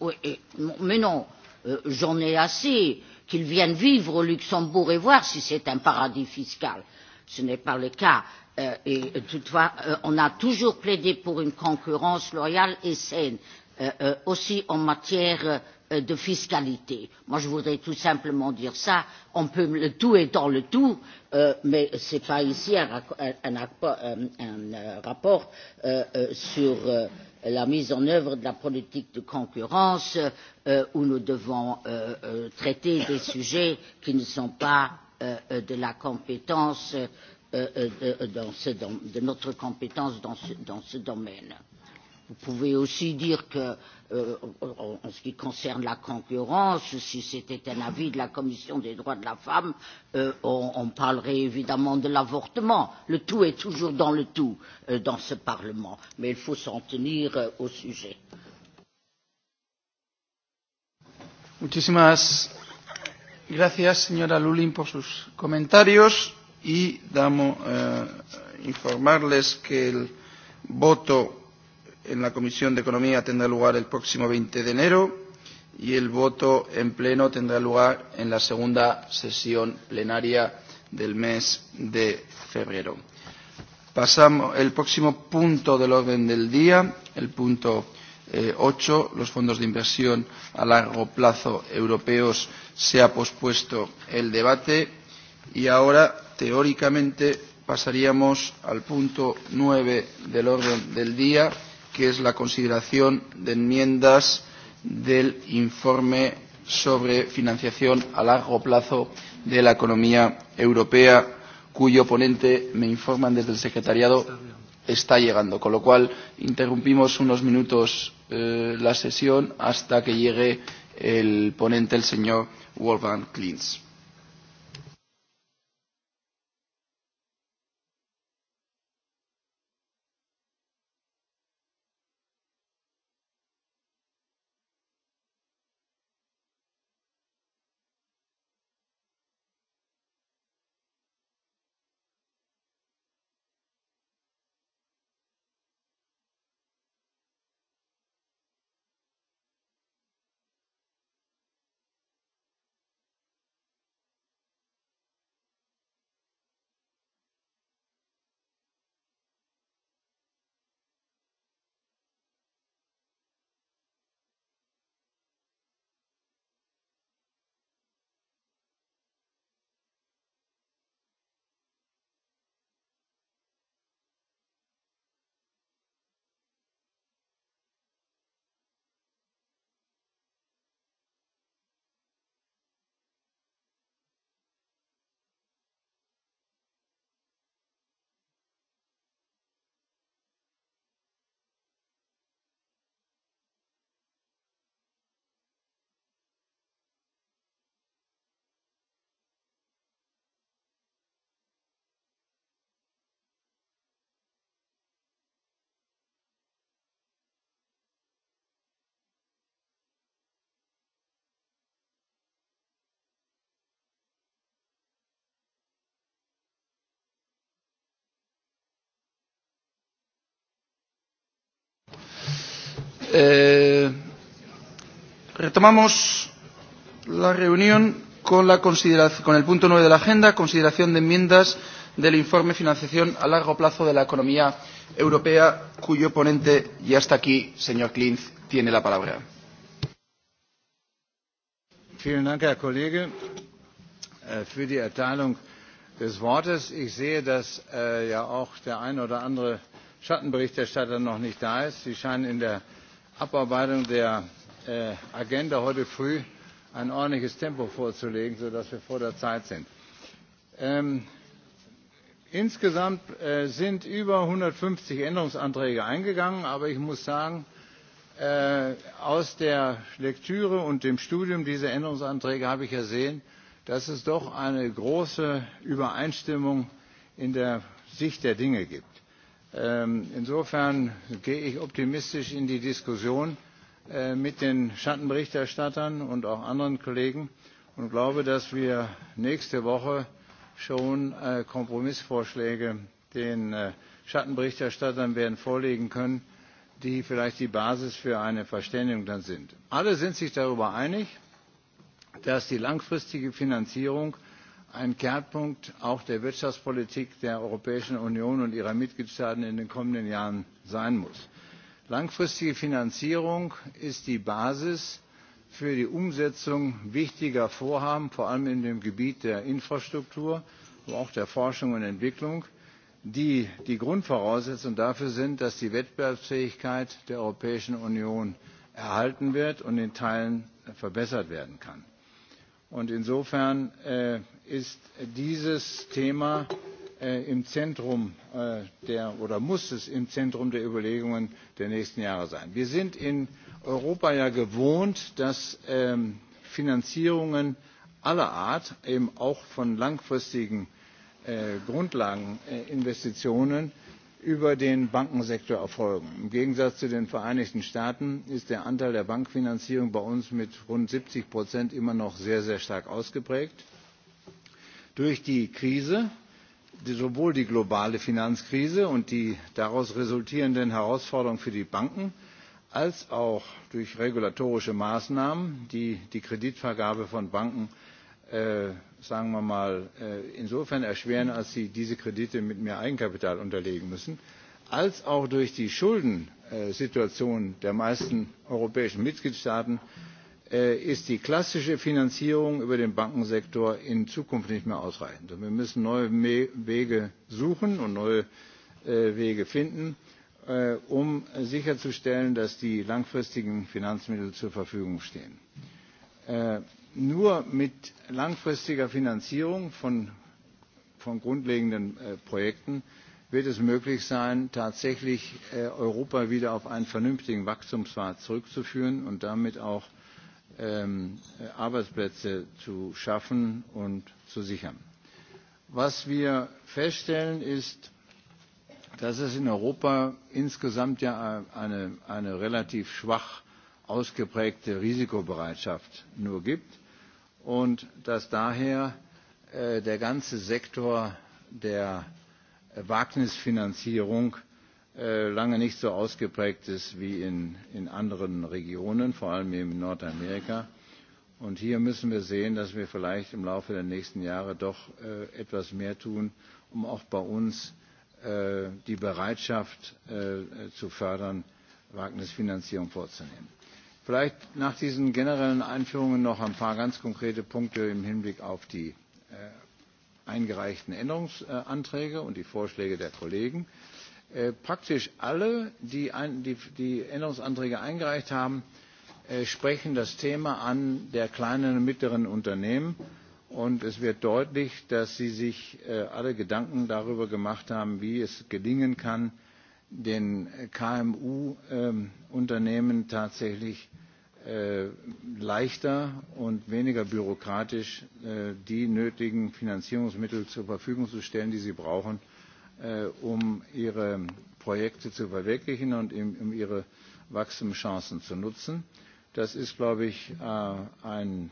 Oui, et, mais non, euh, j'en ai assez qu'ils viennent vivre au Luxembourg et voir si c'est un paradis fiscal. Ce n'est pas le cas. Euh, et toutefois, euh, on a toujours plaidé pour une concurrence loyale et saine, euh, euh, aussi en matière euh, de fiscalité. Moi, je voudrais tout simplement dire ça. On peut, le tout étant le tout, euh, mais ce n'est pas ici un, un, un, un rapport euh, euh, sur euh, la mise en œuvre de la politique de concurrence euh, où nous devons euh, euh, traiter des sujets qui ne sont pas euh, de la compétence, euh, de, de notre compétence dans ce, dans ce domaine. Vous pouvez aussi dire que, euh, en, en ce qui concerne la concurrence, si c'était un avis de la Commission des droits de la femme, euh, on, on parlerait évidemment de l'avortement. Le tout est toujours dans le tout euh, dans ce Parlement, mais il faut s'en tenir euh, au sujet. Muchísimas gracias, señora Lulín, por sus comentarios y damos, eh, informarles que el voto en la Comisión de Economía tendrá lugar el próximo 20 de enero y el voto en pleno tendrá lugar en la segunda sesión plenaria del mes de febrero. Pasamos el próximo punto del orden del día, el punto eh, los fondos de inversión a largo plazo europeos, se ha pospuesto el debate y ahora, teóricamente, pasaríamos al punto 9 del orden del día, que es la consideración de enmiendas del informe sobre financiación a largo plazo de la economía europea, cuyo ponente, me informan desde el secretariado, está llegando. Con lo cual, interrumpimos unos minutos eh, la sesión hasta que llegue el ponente, el señor Wolfgang Klintz. retomamos la reunión con, la con el punto nueve de la agenda, consideración de enmiendas del informe financiación a largo plazo de la economía europea, cuyo ponente ya está aquí, señor Klinz, tiene la palabra. Vielen Dank, Herr Kollege, für die Erteilung des Wortes. Ich sehe, dass ja auch der eine oder andere Schattenberichterstatter noch nicht da ist. Sie scheinen in der Abarbeitung der Agenda heute früh ein ordentliches Tempo vorzulegen, sodass wir vor der Zeit sind. insgesamt sind über einhundertfünfzig Änderungsanträge eingegangen, aber ich muss sagen, aus der Lektüre und dem Studium dieser Änderungsanträge habe ich gesehen, dass es doch eine große Übereinstimmung in der Sicht der Dinge gibt insofern gehe ich optimistisch in die diskussion mit den schattenberichterstattern und auch anderen kollegen und glaube dass wir nächste woche schon kompromissvorschläge den schattenberichterstattern werden vorlegen können die vielleicht die basis für eine verständigung sind. alle sind sich darüber einig dass die langfristige finanzierung ein Kernpunkt auch der Wirtschaftspolitik der Europäischen Union und ihrer Mitgliedstaaten in den kommenden Jahren sein muss. Langfristige Finanzierung ist die Basis für die Umsetzung wichtiger Vorhaben, vor allem in dem Gebiet der Infrastruktur, aber auch der Forschung und Entwicklung, die die Grundvoraussetzung dafür sind, dass die Wettbewerbsfähigkeit der Europäischen Union erhalten wird und in Teilen verbessert werden kann. Und insofern ist dieses Thema im Zentrum der oder muss es im Zentrum der Überlegungen der nächsten Jahre sein. Wir sind in Europa ja gewohnt, dass Finanzierungen aller Art, eben auch von langfristigen Grundlageninvestitionen, über den Bankensektor erfolgen. Im Gegensatz zu den Vereinigten Staaten ist der Anteil der Bankfinanzierung bei uns mit rund siebzig immer noch sehr, sehr stark ausgeprägt durch die krise sowohl die globale finanzkrise und die daraus resultierenden herausforderungen für die banken als auch durch regulatorische maßnahmen die die kreditvergabe von banken sagen wir mal insofern erschweren als sie diese kredite mit mehr eigenkapital unterlegen müssen als auch durch die schuldensituation der meisten europäischen mitgliedstaaten ist die klassische Finanzierung über den Bankensektor in Zukunft nicht mehr ausreichend. wir müssen neue Wege suchen und neue Wege finden, um sicherzustellen, dass die langfristigen Finanzmittel zur Verfügung stehen. Nur mit langfristiger Finanzierung von, grundlegenden Projekten wird es möglich sein, tatsächlich Europa wieder auf einen vernünftigen Wachstumspfad zurückzuführen und damit auch Arbeitsplätze zu schaffen und zu sichern. Was wir feststellen ist, dass es in Europa insgesamt ja eine, eine relativ schwach ausgeprägte Risikobereitschaft nur gibt und dass daher der ganze Sektor der Wagnisfinanzierung lange nicht so ausgeprägt ist wie in, in anderen Regionen, vor allem in Nordamerika. Und hier müssen wir sehen, dass wir vielleicht im Laufe der nächsten Jahre doch etwas mehr tun, um auch bei uns die Bereitschaft zu fördern, Wagnisfinanzierung vorzunehmen. Vielleicht nach diesen generellen Einführungen noch ein paar ganz konkrete Punkte im Hinblick auf die eingereichten Änderungsanträge und die Vorschläge der Kollegen praktisch alle, die, die Änderungsanträge eingereicht haben, sprechen das Thema an der kleinen und mittleren Unternehmen. Und es wird deutlich, dass Sie sich alle Gedanken darüber gemacht haben, wie es gelingen kann, den KMU-Unternehmen tatsächlich leichter und weniger bürokratisch die nötigen Finanzierungsmittel zur Verfügung zu stellen, die sie brauchen, um ihre Projekte zu verwirklichen und um ihre Wachstumschancen zu nutzen. Das ist, glaube ich, ein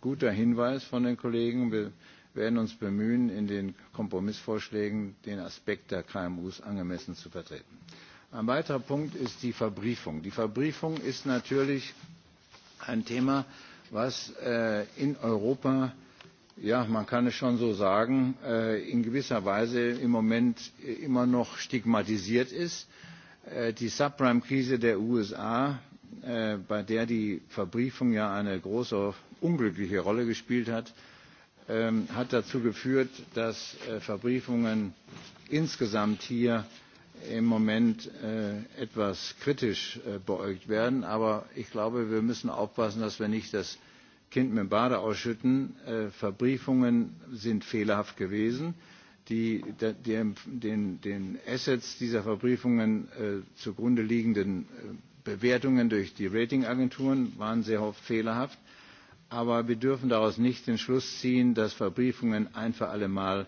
guter Hinweis von den Kollegen. Wir werden uns bemühen, in den Kompromissvorschlägen den Aspekt der KMU angemessen zu vertreten. Ein weiterer Punkt ist die Verbriefung. Die Verbriefung ist natürlich ein Thema, das in Europa ja, man kann es schon so sagen, in gewisser Weise im Moment immer noch stigmatisiert ist. Die Subprime-Krise der USA, bei der die Verbriefung ja eine große unglückliche Rolle gespielt hat, hat dazu geführt, dass Verbriefungen insgesamt hier im Moment etwas kritisch beäugt werden. Aber ich glaube, wir müssen aufpassen, dass wir nicht Kind mit dem Bade ausschütten. Verbriefungen sind fehlerhaft gewesen, die den, den Assets dieser Verbriefungen zugrunde liegenden Bewertungen durch die Ratingagenturen waren sehr oft fehlerhaft. Aber wir dürfen daraus nicht den Schluss ziehen, dass Verbriefungen ein für alle Mal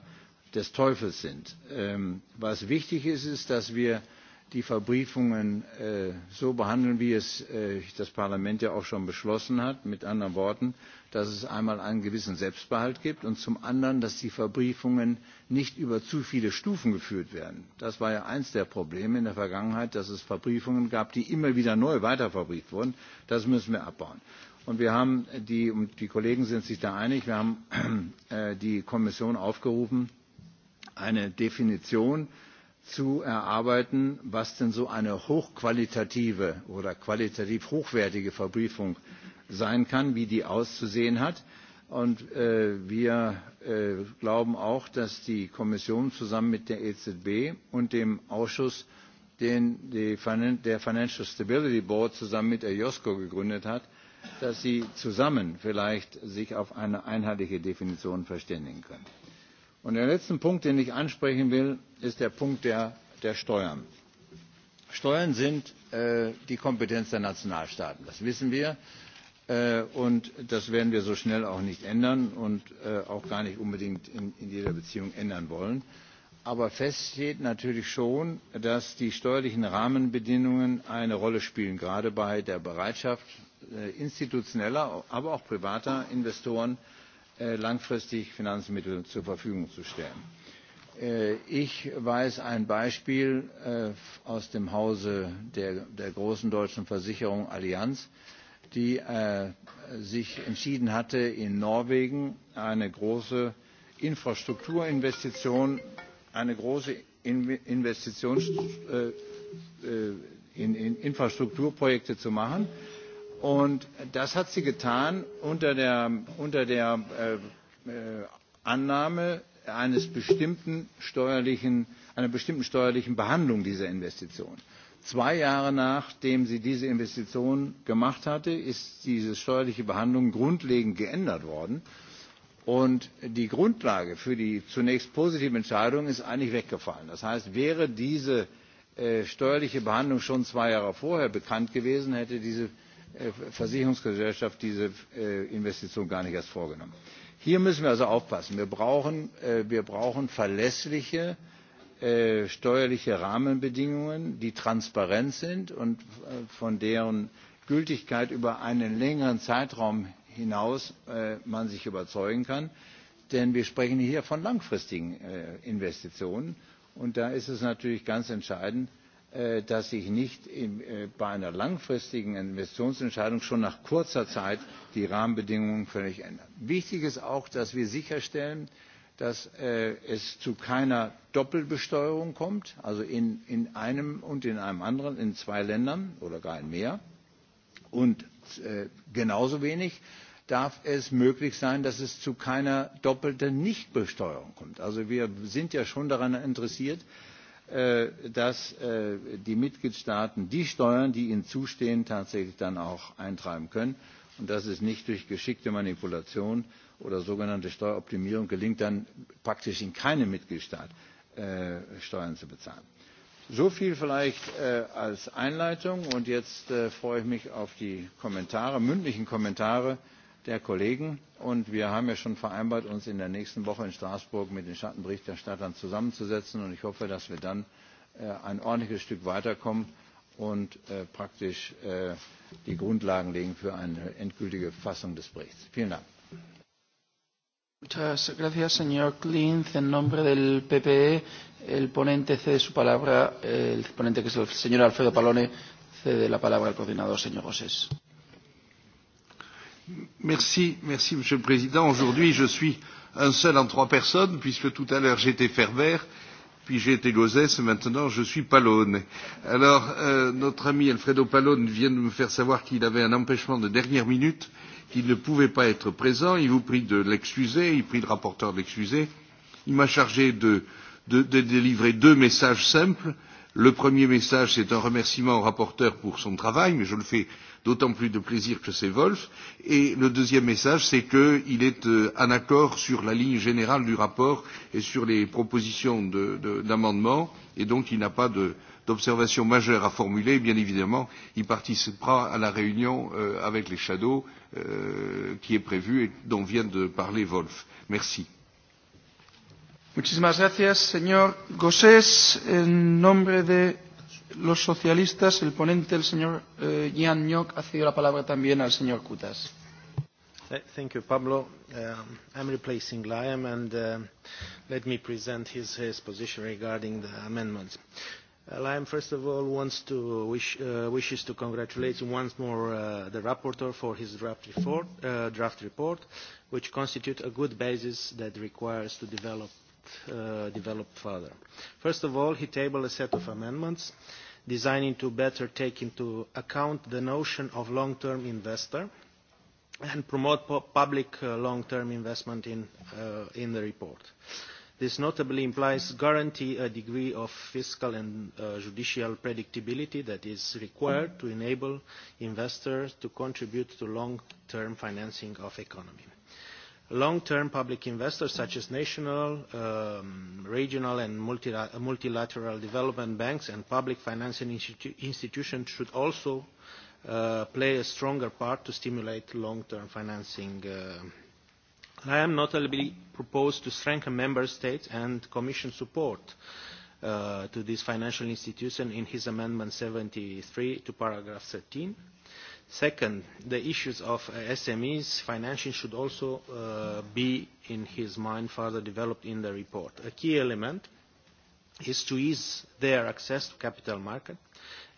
des Teufels sind. was wichtig ist, ist, dass wir die Verbriefungen so behandeln, wie es das Parlament ja auch schon beschlossen hat, mit anderen Worten, dass es einmal einen gewissen Selbstbehalt gibt und zum anderen, dass die Verbriefungen nicht über zu viele Stufen geführt werden. Das war ja eines der Probleme in der Vergangenheit, dass es Verbriefungen gab, die immer wieder neu weiterverbrieft wurden. Das müssen wir abbauen. Und wir haben die, und die Kollegen sind sich da einig, wir haben die Kommission aufgerufen, eine Definition zu erarbeiten, was denn so eine hochqualitative oder qualitativ hochwertige Verbriefung sein kann, wie die auszusehen hat. Und wir glauben auch, dass die Kommission zusammen mit der EZB und dem Ausschuss, den der Financial Stability Board zusammen mit der JOSCO gegründet hat, dass sie zusammen vielleicht sich auf eine einheitliche Definition verständigen können und der letzte punkt den ich ansprechen will ist der punkt der steuern. steuern sind die kompetenz der nationalstaaten das wissen wir und das werden wir so schnell auch nicht ändern und auch gar nicht unbedingt in jeder beziehung ändern wollen. aber fest steht natürlich schon dass die steuerlichen rahmenbedingungen eine rolle spielen gerade bei der bereitschaft institutioneller aber auch privater investoren langfristig Finanzmittel zur Verfügung zu stellen. Ich weiß ein Beispiel aus dem Hause der, großen deutschen Versicherung Allianz, die sich entschieden hatte, in Norwegen eine große Infrastrukturinvestition, eine große Investition in, Infrastrukturprojekte zu machen Und das hat sie getan unter der, unter der äh, äh, Annahme eines bestimmten steuerlichen, einer bestimmten steuerlichen Behandlung dieser Investition. Zwei Jahre nachdem sie diese Investition gemacht hatte, ist diese steuerliche Behandlung grundlegend geändert worden. Und die Grundlage für die zunächst positive Entscheidung ist eigentlich weggefallen. Das heißt, wäre diese steuerliche Behandlung schon zwei Jahre vorher bekannt gewesen, hätte diese Versicherungsgesellschaft diese Investition gar nicht erst vorgenommen. Hier müssen wir also aufpassen. Wir brauchen, verlässliche steuerliche Rahmenbedingungen, die transparent sind und von deren Gültigkeit über einen längeren Zeitraum hinaus man sich überzeugen kann. Denn wir sprechen hier von langfristigen Investitionen. Und da ist es natürlich ganz entscheidend, dass sich nicht bei einer langfristigen investitionsentscheidung schon nach kurzer zeit die rahmenbedingungen völlig ändern. wichtig ist auch dass wir sicherstellen dass es zu keiner doppelbesteuerung kommt also in einem und in einem anderen in zwei ländern oder gar in mehr und genauso wenig darf es möglich sein dass es zu keiner doppelten nichtbesteuerung kommt. also wir sind ja schon daran interessiert dass die Mitgliedstaaten die Steuern, die ihnen zustehen, tatsächlich dann auch eintreiben können und dass es nicht durch geschickte Manipulation oder sogenannte Steueroptimierung gelingt, dann praktisch in keinem Mitgliedstaat Steuern zu bezahlen. So viel vielleicht als Einleitung und jetzt freue ich mich auf die Kommentare, mündlichen Kommentare der Kollegen. Und wir haben ja schon vereinbart, uns in der nächsten Woche in Straßburg mit den Schattenberichterstattern zusammenzusetzen. Und ich hoffe, dass wir dann ein ordentliches Stück weiterkommen und praktisch die Grundlagen legen für eine endgültige Fassung des Berichts. Vielen Dank. Muchas gracias, señor En nombre del PPE, el ponente cede su palabra, el ponente que es el señor Alfredo Palone, cede la palabra al coordinador, señor Merci, Monsieur le Président. Aujourd'hui, je suis un seul en trois personnes, puisque tout à l'heure j'étais Ferber, puis j'ai été Gauzès, et maintenant je suis Pallone. Alors, notre ami Alfredo Pallone vient de me faire savoir qu'il avait un empêchement de dernière minute, qu'il ne pouvait pas être présent. Il vous prie de l'excuser, il prie le rapporteur de l'excuser. Il m'a chargé de, délivrer deux messages simples. Le premier message, c'est un remerciement au rapporteur pour son travail, mais je le fais d'autant plus de plaisir que c'est Wolf. Et le deuxième message, c'est qu'il est en accord sur la ligne générale du rapport et sur les propositions d'amendements, et donc il n'a pas d'observation majeure à formuler. et, Bien évidemment, il participera à la réunion avec les shadows qui est prévue et dont vient de parler Wolf. Merci. Muchísimas gracias, señor Gossés. En nombre de los socialistas, el ponente, el señor eh, Jan Nyok ha cedido la palabra también al señor Kutas. Thank you, Pablo. Uh, I'm replacing Liam, and uh, let me present his, his position regarding the amendments. Uh, Liam, first of all, wants to wish, uh, wishes to congratulate once more uh, the rapporteur for his draft report, uh, draft report, which constitutes a good basis that requires to develop develop further. First of all, he tabled a set of amendments designed to better take into account the notion of long-term investor and promote public long-term investment in, the report. This notably implies guarantee a degree of fiscal and judicial predictability that is required to enable investors to contribute to long-term financing of economy long-term public investors such as national, um, regional and multilateral development banks and public financing institu institutions should also uh, play a stronger part to stimulate long-term financing. Uh, I am notably proposed to strengthen Member States and Commission support uh, to this financial institution in his Amendment 73 to paragraph 13 Second, the issues of SMEs financing should also uh, be, in his mind, further developed in the report. A key element is to ease their access to capital market,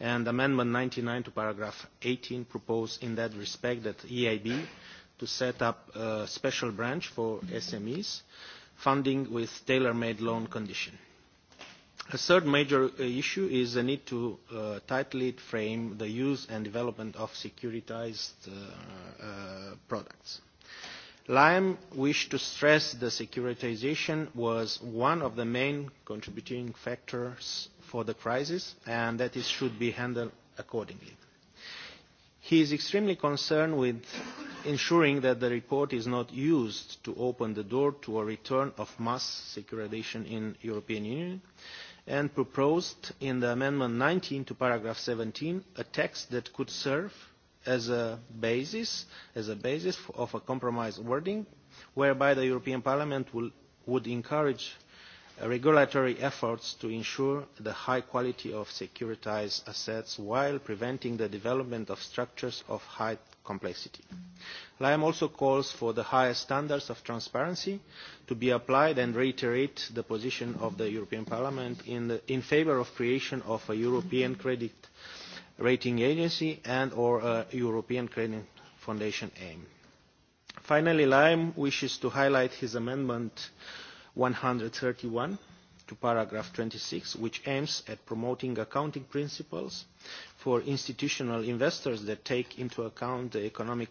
and Amendment 99 to paragraph 18 proposed in that respect that EIB to set up a special branch for SMEs, funding with tailor-made loan condition. A third major issue is the need to uh, tightly frame the use and development of securitized uh, uh, products. Lime wished to stress that securitization was one of the main contributing factors for the crisis and that it should be handled accordingly. He is extremely concerned with ensuring that the report is not used to open the door to a return of mass securitization in the European Union and proposed in the Amendment 19 to paragraph 17 a text that could serve as a basis, as a basis of a compromise wording whereby the European Parliament will, would encourage regulatory efforts to ensure the high quality of securitized assets while preventing the development of structures of high complexity. LIAM also calls for the highest standards of transparency to be applied and reiterate the position of the European Parliament in, the, in favour of creation of a European credit rating agency and or a European credit foundation aim. Finally, liam wishes to highlight his amendment 131 to paragraph 26, which aims at promoting accounting principles for institutional investors that take into account the economic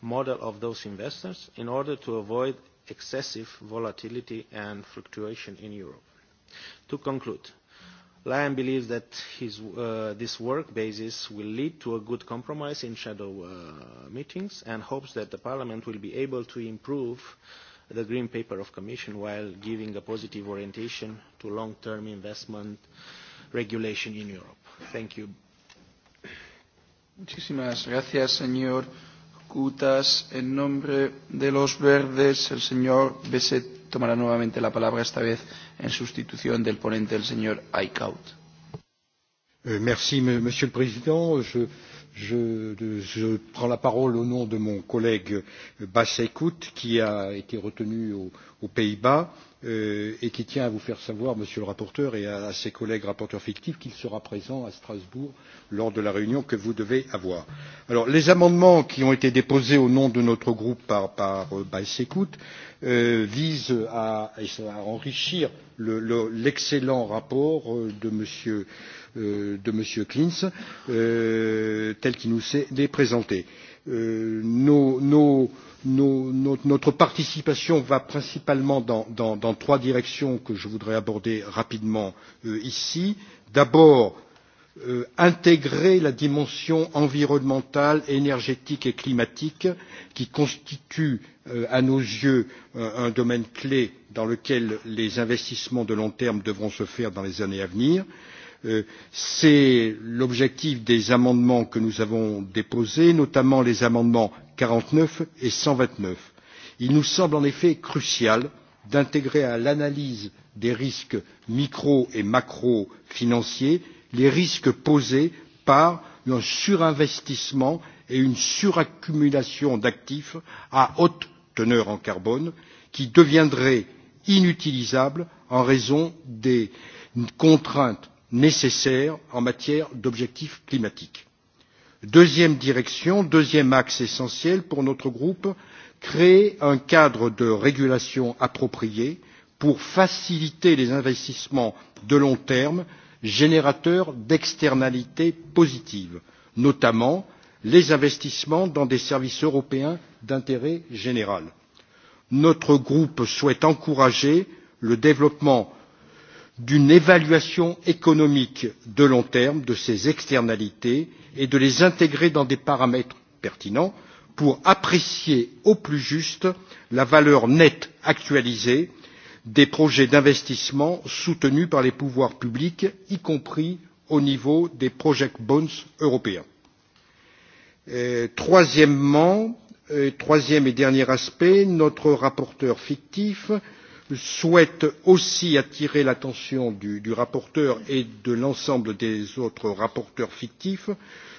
model of those investors in order to avoid excessive volatility and fluctuation in Europe. To conclude, Lyon believes that his, uh, this work basis will lead to a good compromise in shadow uh, meetings and hopes that the Parliament will be able to improve uh, the Green Paper of Commission while giving a positive orientation to long-term investment regulation in Europe. Thank you. Muchísimas gracias, señor Cutas. En nombre de los verdes, el señor tomará nuevamente la palabra, esta vez en sustitución del ponente, el señor Merci, Monsieur le Président. Je Je, prends la parole au nom de mon collègue Bas Eickhout, qui a été retenu aux, Pays-Bas et qui tient à vous faire savoir, monsieur le rapporteur, et à, ses collègues rapporteurs fictifs qu'il sera présent à Strasbourg lors de la réunion que vous devez avoir. Alors, les amendements qui ont été déposés au nom de notre groupe par, par visent à, enrichir l'excellent rapport de monsieur, Klinz, tel qu'il nous est présenté. nos notre participation va principalement dans, trois directions que je voudrais aborder rapidement ici. D'abord, intégrer la dimension environnementale, énergétique et climatique qui constitue à nos yeux un domaine clé dans lequel les investissements à long terme devront se faire dans les années à venir c'est l'objectif des amendements que nous avons déposés, notamment les amendements quarante neuf et cent vingt neuf. Il nous semble en effet crucial d'intégrer à l'analyse des risques micro et macrofinanciers les risques posés par un surinvestissement et une suraccumulation d'actifs à haute teneur en carbone qui deviendraient inutilisables en raison des contraintes nécessaires en matière d'objectifs climatiques. Deuxième direction, deuxième axe essentiel pour notre groupe, créer un cadre de régulation approprié pour faciliter les investissements de long terme générateurs d'externalités positives, notamment les investissements dans des services européens d'intérêt général. Notre groupe souhaite encourager le développement d'une évaluation économique de long terme de ces externalités et de les intégrer dans des paramètres pertinents pour apprécier au plus juste la valeur nette actualisée des projets d'investissement soutenus par les pouvoirs publics y compris au niveau des project bonds européens. troisièmement troisième et dernier aspect notre rapporteur fictif souhaite aussi attirer l'attention du, rapporteur et de l'ensemble des autres rapporteurs fictifs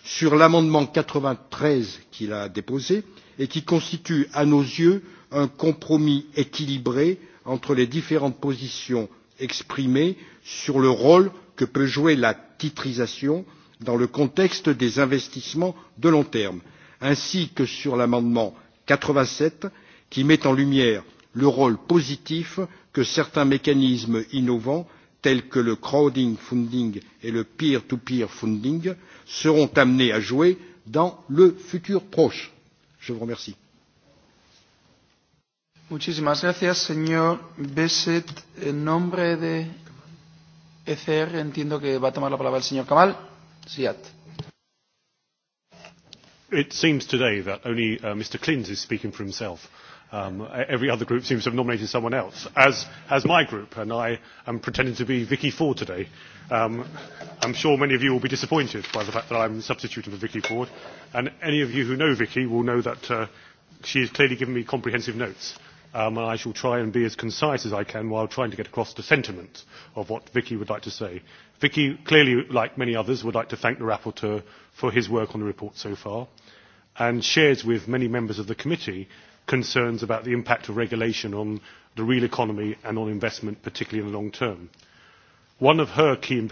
sur l'amendement quatre vingt treize qu'il a déposé et qui constitue à nos yeux un compromis équilibré entre les différentes positions exprimées sur le rôle que peut jouer la titrisation dans le contexte des investissements de long terme ainsi que sur l'amendement quatre vingt sept qui met en lumière le rôle positif que certains mécanismes innovants tels que le crowdfunding et le peer to peer funding seront amenés à jouer dans le futur proche. je vous remercie. Muchísimas gracias, señor Besset. En nombre de ECR entiendo que va a tomar la palabra el señor Kamal. Siat. It seems today that only uh, Mr. Klins is speaking for himself um, every other group seems to have nominated someone else, as has my group, and I am pretending to be Vicky Ford today. Um, I'm sure many of you will be disappointed by the fact that I'm substituting for Vicky Ford, and any of you who know Vicky will know that uh, she has clearly given me comprehensive notes. Um, and I shall try and be as concise as I can while trying to get across the sentiment of what Vicky would like to say. Vicky, clearly, like many others, would like to thank the rapporteur for his work on the report so far and shares with many members of the committee concerns about the impact of regulation on the real economy and on investment, particularly in the long term. One of her key,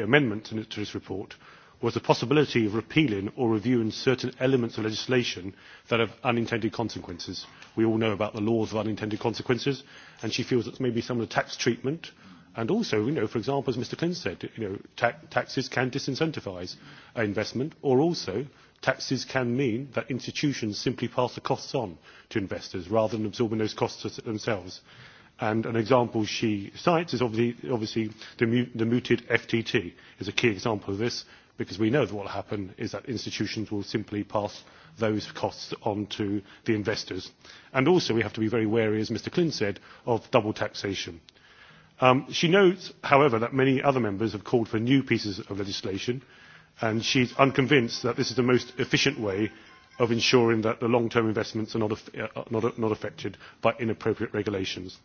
amendments to this report was the possibility of repealing or reviewing certain elements of legislation that have unintended consequences. We all know about the laws of unintended consequences, and she feels that maybe some of the tax treatment and also, you know, for example, as Mr. Clint said, you know, ta taxes can disincentivise investment or also taxes can mean that institutions simply pass the costs on to investors rather than absorbing those costs themselves. And an example she cites is obviously, the, the mooted FTT is a key example of this because we know that what will happen is that institutions will simply pass those costs on to the investors. And also we have to be very wary, as Mr Klint said, of double taxation. Um, she notes, however, that many other members have called for new pieces of legislation and she is unconvinced that this is the most efficient way of ensuring that the long term investments are not, affected by inappropriate regulations.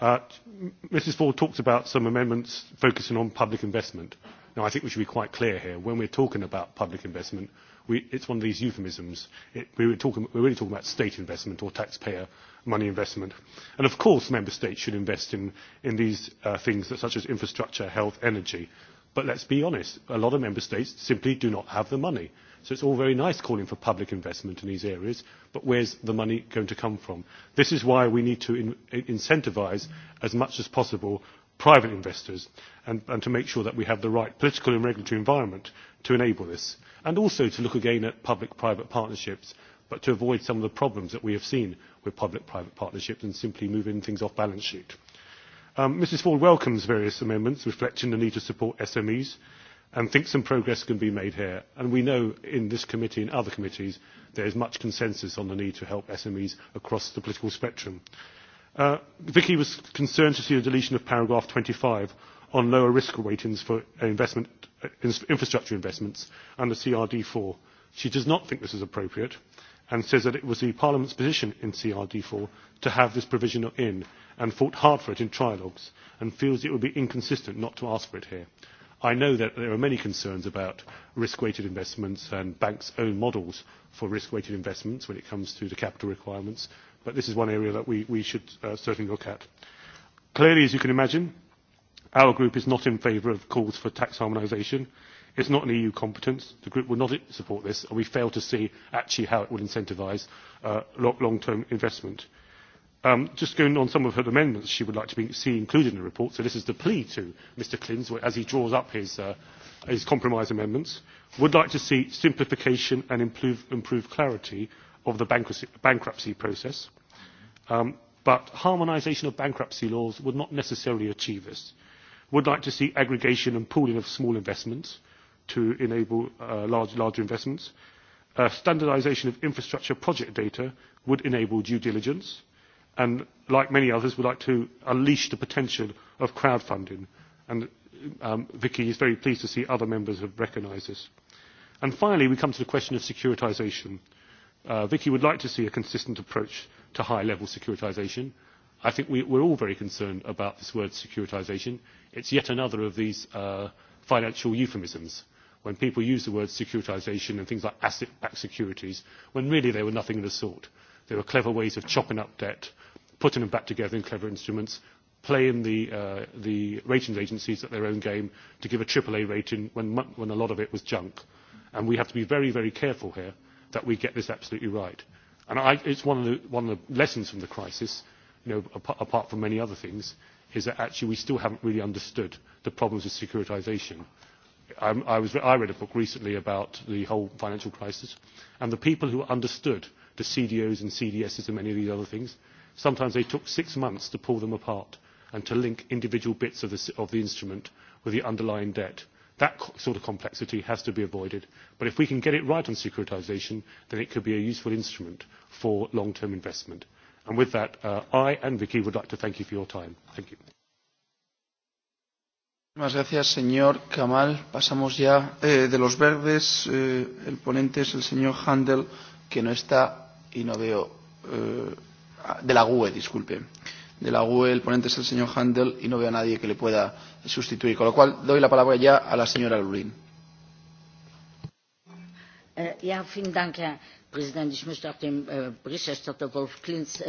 Mrs Ford talked about some amendments focusing on public investment. Now, I think we should be quite clear here. When we're talking about public investment, we, it's one of these euphemisms. It, we were talking, we're really talking about state investment or taxpayer money investment. And of course, member states should invest in, in these uh, things that, such as infrastructure, health, energy But let's be honest, a lot of member states simply do not have the money. So it's all very nice calling for public investment in these areas, but where's the money going to come from? This is why we need to in, incentivise as much as possible private investors and, and to make sure that we have the right political and regulatory environment to enable this. And also to look again at public-private partnerships, but to avoid some of the problems that we have seen with public-private partnerships and simply moving things off balance sheet Um, Mrs Ford welcomes various amendments reflecting the need to support SMEs and thinks some progress can be made here. And we know in this committee and other committees there is much consensus on the need to help SMEs across the political spectrum. Uh, Vicky was concerned to see the deletion of paragraph 25 on lower risk weightings for investment, infrastructure investments under CRD4. She does not think this is appropriate and says that it was the Parliament's position in CRD4 to have this provision in and fought hard for it in trilogues and feels it would be inconsistent not to ask for it here. I know that there are many concerns about risk-weighted investments and banks' own models for risk-weighted investments when it comes to the capital requirements, but this is one area that we, we should uh, certainly look at. Clearly, as you can imagine, our group is not in favour of calls for tax harmonisation. It is not an EU competence. The group will not support this, and we fail to see actually how it would incentivise uh, long-term investment just going on some of her amendments she would like to be, see included in the report. So this is the plea to Mr Klinz as he draws up his, uh, his compromise amendments. Would like to see simplification and improve, improve clarity of the bankruptcy, bankruptcy process. Um, but harmonisation of bankruptcy laws would not necessarily achieve this. Would like to see aggregation and pooling of small investments to enable uh, large, larger investments. Uh, standardisation of infrastructure project data would enable due diligence. Uh, and like many others, would like to unleash the potential of crowdfunding. And um, Vicky is very pleased to see other members have recognised this. And finally, we come to the question of securitisation. Uh, Vicky would like to see a consistent approach to high-level securitisation. I think we, we're all very concerned about this word securitisation. It's yet another of these uh, financial euphemisms when people use the word securitisation and things like asset-backed securities, when really they were nothing of the sort. They were clever ways of chopping up debt, putting them back together in clever instruments, playing the, uh, the ratings agencies at their own game to give a AAA rating when, when a lot of it was junk. And we have to be very, very careful here that we get this absolutely right. And I, it's one of, the, one of the lessons from the crisis, you know, apart, apart from many other things, is that actually we still haven't really understood the problems of securitisation. I, I, was, I read a book recently about the whole financial crisis, and the people who understood the CDOs and CDSs and many of these other things Sometimes they took six months to pull them apart and to link individual bits of the, of the instrument with the underlying debt. That sort of complexity has to be avoided. But if we can get it right on securitisation, then it could be a useful instrument for long-term investment. And with that, uh, I and Vicky would like to thank you for your time. Thank you. Muchas gracias, señor Kamal. Pasamos ya eh, de los verdes. Eh, el ponente es el señor Handel, que no está y no veo eh, de la GUE, disculpe. De la GUE el ponente es el señor Handel y no veo a nadie que le pueda sustituir, con lo cual doy la palabra ya a la señora Lulín. Ja, vielen Dank, Herr Präsident. Ich möchte auch dem Berichterstatter Wolf Klintz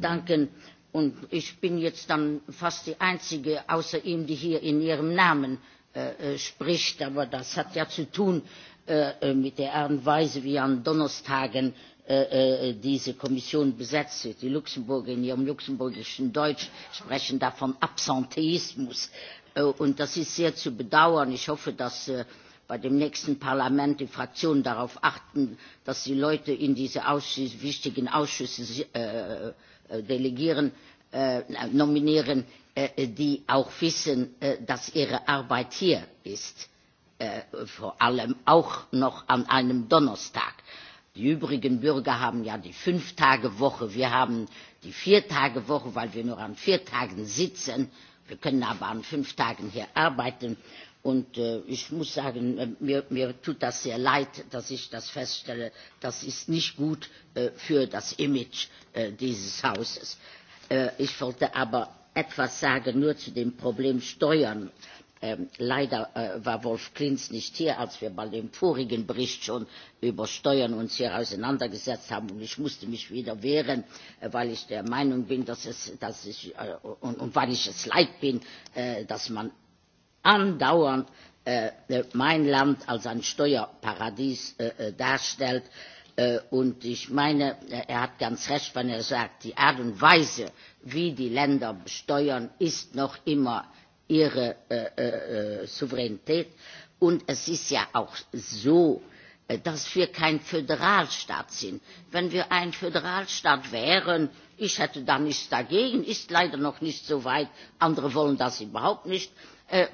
danken. Und ich bin jetzt dann fast die Einzige außer ihm, die hier in ihrem Namen spricht. Aber das hat ja zu tun mit der Art und Weise, wie an Donnerstagen diese Kommission besetzt wird. Die Luxemburger in ihrem luxemburgischen Deutsch sprechen da von Absenteismus. Und das ist sehr zu bedauern. Ich hoffe, dass bei dem nächsten Parlament die Fraktionen darauf achten, dass die Leute in diese wichtigen Ausschüsse äh, delegieren, äh, nominieren, äh, die auch wissen, äh, dass ihre Arbeit hier ist. Äh, vor allem auch noch an einem Donnerstag Die übrigen Bürger haben ja die Fünf-Tage-Woche. Wir haben die Vier-Tage-Woche, weil wir nur an vier Tagen sitzen. Wir können aber an fünf Tagen hier arbeiten. Und äh, ich muss sagen, mir, mir tut das sehr leid, dass ich das feststelle. Das ist nicht gut äh, für das Image äh, dieses Hauses. Äh, ich wollte aber etwas sagen nur zu dem Problem Steuern. Äh, leider war Wolf Klinz nicht hier, als wir bei dem vorigen Bericht schon über Steuern uns hier auseinandergesetzt haben. Und ich musste mich wieder wehren, weil ich der Meinung bin, dass es, dass ich, und, und weil ich es leid bin, dass man andauernd mein Land als ein Steuerparadies darstellt. Und ich meine, er hat ganz recht, wenn er sagt, die Art und Weise, wie die Länder besteuern, ist noch immer ihre äh, äh, Souveränität. Und es ist ja auch so, dass wir kein Föderalstaat sind. Wenn wir ein Föderalstaat wären, ich hätte da nichts dagegen, ist leider noch nicht so weit, andere wollen das überhaupt nicht,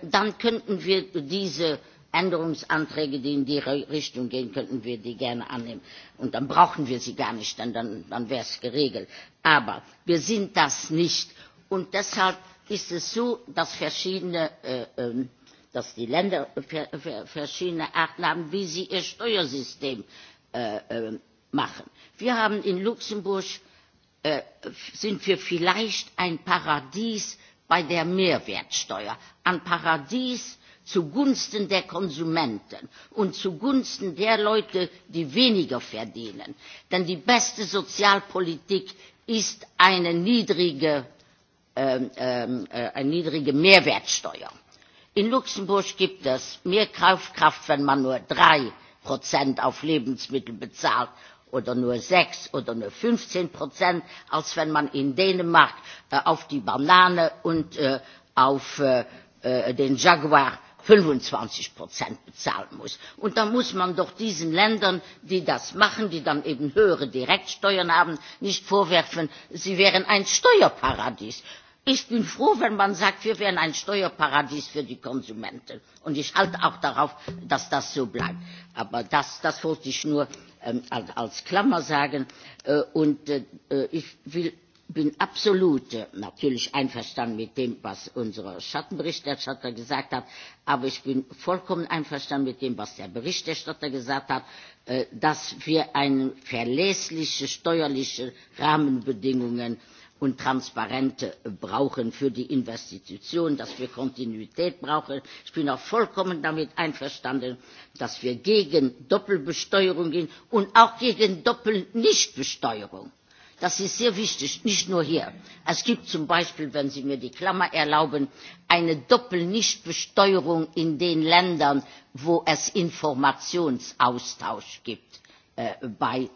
dann könnten wir diese Änderungsanträge, die in die Richtung gehen, könnten wir die gerne annehmen. Und dann brauchen wir sie gar nicht, denn dann, dann wäre es geregelt. Aber wir sind das nicht. Und deshalb ist es so, dass, verschiedene, äh, dass die Länder verschiedene Arten haben, wie sie ihr Steuersystem äh, machen. Wir haben in Luxemburg äh, sind wir vielleicht ein Paradies bei der Mehrwertsteuer, ein Paradies zugunsten der Konsumenten und zugunsten der Leute, die weniger verdienen. Denn die beste Sozialpolitik ist eine niedrige eine niedrige Mehrwertsteuer. In Luxemburg gibt es mehr Kaufkraft, wenn man nur drei Prozent auf Lebensmittel bezahlt oder nur sechs oder nur 15 Prozent, als wenn man in Dänemark auf die Banane und auf den Jaguar fünfundzwanzig bezahlen muss. Und da muss man doch diesen Ländern, die das machen, die dann eben höhere Direktsteuern haben, nicht vorwerfen, sie wären ein Steuerparadies. Ich bin froh, wenn man sagt, wir wären ein Steuerparadies für die Konsumenten. Und ich halte auch darauf, dass das so bleibt. Aber das, das wollte ich nur ähm, als Klammer sagen. Äh, und äh, ich will bin absolut natürlich einverstanden mit dem, was unser Schattenberichterstatter gesagt hat, aber ich bin vollkommen einverstanden mit dem, was der Berichterstatter gesagt hat, dass wir eine verlässliche steuerliche Rahmenbedingungen und transparente brauchen für die Investitionen, dass wir Kontinuität brauchen. Ich bin auch vollkommen damit einverstanden, dass wir gegen Doppelbesteuerung gehen und auch gegen Doppelnichtbesteuerung Das ist sehr wichtig, nicht nur hier. Es gibt zum Beispiel, wenn Sie mir die Klammer erlauben, eine Doppelnichtbesteuerung in den Ländern, wo es Informationsaustausch gibt bei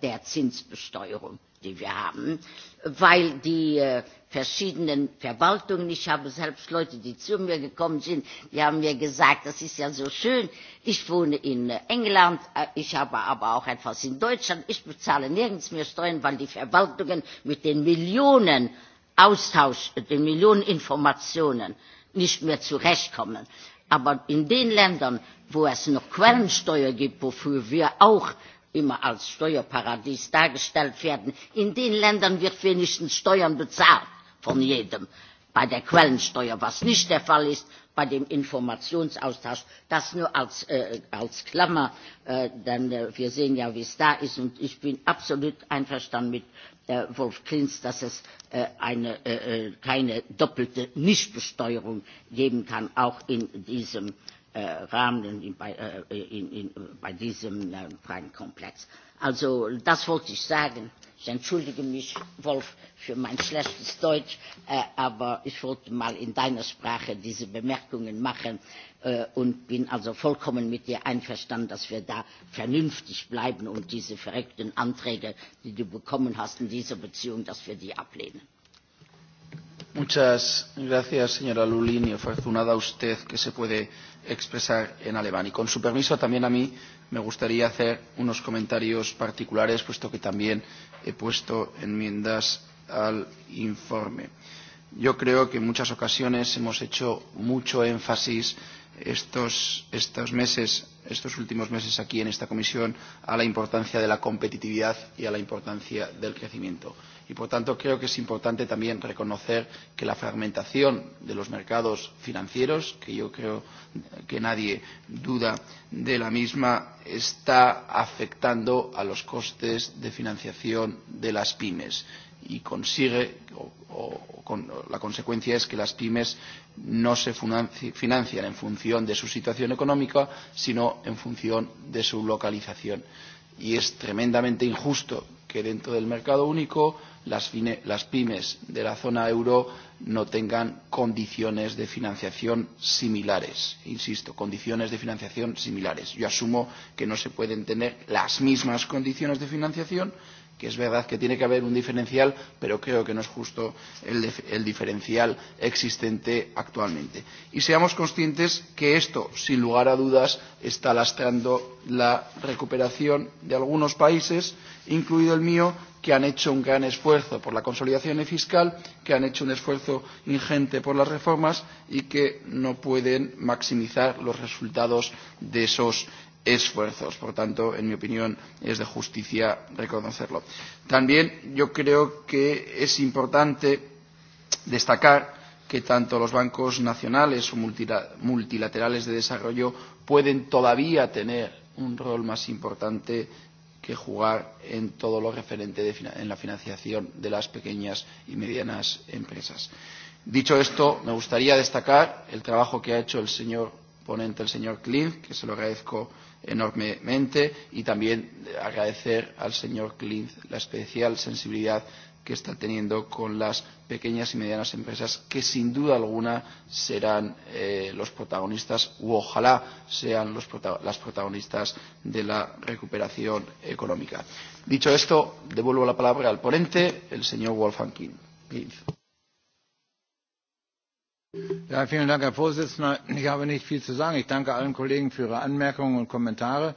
der Zinsbesteuerung die wir haben, weil die verschiedenen Verwaltungen, ich habe selbst Leute, die zu mir gekommen sind, die haben mir gesagt, das ist ja so schön, ich wohne in England, ich habe aber auch etwas in Deutschland, ich bezahle nirgends mehr Steuern, weil die Verwaltungen mit den Millionen Austausch, den Millionen Informationen nicht mehr zurechtkommen. Aber in den Ländern, wo es noch Quellensteuer gibt, wofür wir auch immer als Steuerparadies dargestellt werden. In den Ländern wird wenigstens Steuern bezahlt von jedem. Bei der Quellensteuer, was nicht der Fall ist, bei dem Informationsaustausch, das nur als, äh, als Klammer, äh, denn äh, wir sehen ja, wie es da ist. Und ich bin absolut einverstanden mit äh, Wolf Klinz, dass es äh, eine, äh, keine doppelte Nichtbesteuerung geben kann, auch in diesem äh, äh, Rahmen in, bei, äh, in, in, bei diesem äh, Fragenkomplex. Also das wollte ich sagen. Ich entschuldige mich, Wolf, für mein schlechtes Deutsch, äh, aber ich wollte mal in deiner Sprache diese Bemerkungen machen äh, und bin also vollkommen mit dir einverstanden, dass wir da vernünftig bleiben und diese verrückten Anträge, die du bekommen hast in dieser Beziehung, dass wir die ablehnen. Muchas gracias, señora Lulín, y afortunada usted que se puede expresar en alemán. Y con su permiso, también a mí me gustaría hacer unos comentarios particulares, puesto que también he puesto enmiendas al informe. Yo creo que en muchas ocasiones hemos hecho mucho énfasis estos, estos meses, estos últimos meses aquí en esta comisión, a la importancia de la competitividad y a la importancia del crecimiento y por tanto creo que es importante también reconocer que la fragmentación de los mercados financieros, que yo creo que nadie duda de la misma, está afectando a los costes de financiación de las pymes y consigue o, o con, la consecuencia es que las pymes no se financian en función de su situación económica, sino en función de su localización. Y es tremendamente injusto que dentro del mercado único las, las pymes de la zona euro no tengan condiciones de financiación similares. Insisto, condiciones de financiación similares. Yo asumo que no se pueden tener las mismas condiciones de financiación, que es verdad que tiene que haber un diferencial, pero creo que no es justo el, el diferencial existente actualmente. Y seamos conscientes que esto, sin lugar a dudas, está lastrando la recuperación de algunos países, incluido el mío, que han hecho un gran esfuerzo por la consolidación fiscal, que han hecho un esfuerzo ingente por las reformas y que no pueden maximizar los resultados de esos esfuerzos. Por tanto, en mi opinión, es de justicia reconocerlo. También yo creo que es importante destacar que tanto los bancos nacionales o multilaterales de desarrollo pueden todavía tener un rol más importante que jugar en todo lo referente de, en la financiación de las pequeñas y medianas empresas. Dicho esto, me gustaría destacar el trabajo que ha hecho el señor ponente, el señor Klint, que se lo agradezco enormemente, y también agradecer al señor Klint la especial sensibilidad que está teniendo con las pequeñas y medianas empresas, que sin duda alguna serán eh, los protagonistas, u ojalá sean los prota las protagonistas de la recuperación económica. Dicho esto, devuelvo la palabra al ponente, el señor Wolfgang King. Ja, vielen Dank, Herr Vorsitzender. Ich habe nicht viel zu sagen. Ich danke allen Kollegen für ihre Anmerkungen und Kommentare.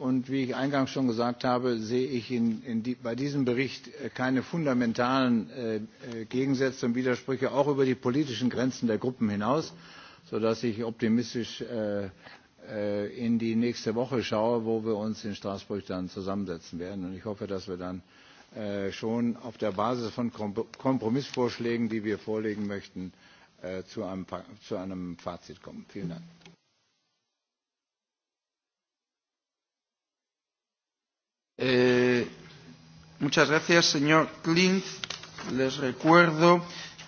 Und wie ich eingangs schon gesagt habe, sehe ich bei diesem Bericht keine fundamentalen Gegensätze und Widersprüche, auch über die politischen Grenzen der Gruppen hinaus, sodass ich optimistisch in die nächste Woche schaue, wo wir uns in Straßburg dann zusammensetzen werden. Und ich hoffe, dass wir dann schon auf der Basis von Kompromissvorschlägen, die wir vorlegen möchten, zu einem Fazit kommen. Vielen Dank. Eh, muchas gracias, señor Klint. Les recuerdo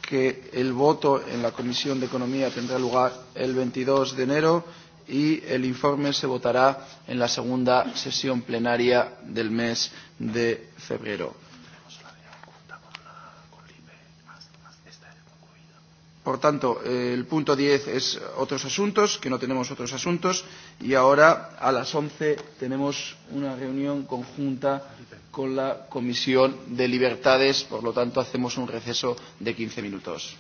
que el voto en la Comisión de Economía tendrá lugar el 22 de enero y el informe se votará en la segunda sesión plenaria del mes de febrero Por tanto, el punto 10 es otros asuntos, que no tenemos otros asuntos, y ahora a las 11 tenemos una reunión conjunta con la Comisión de Libertades, por lo tanto hacemos un receso de 15 minutos.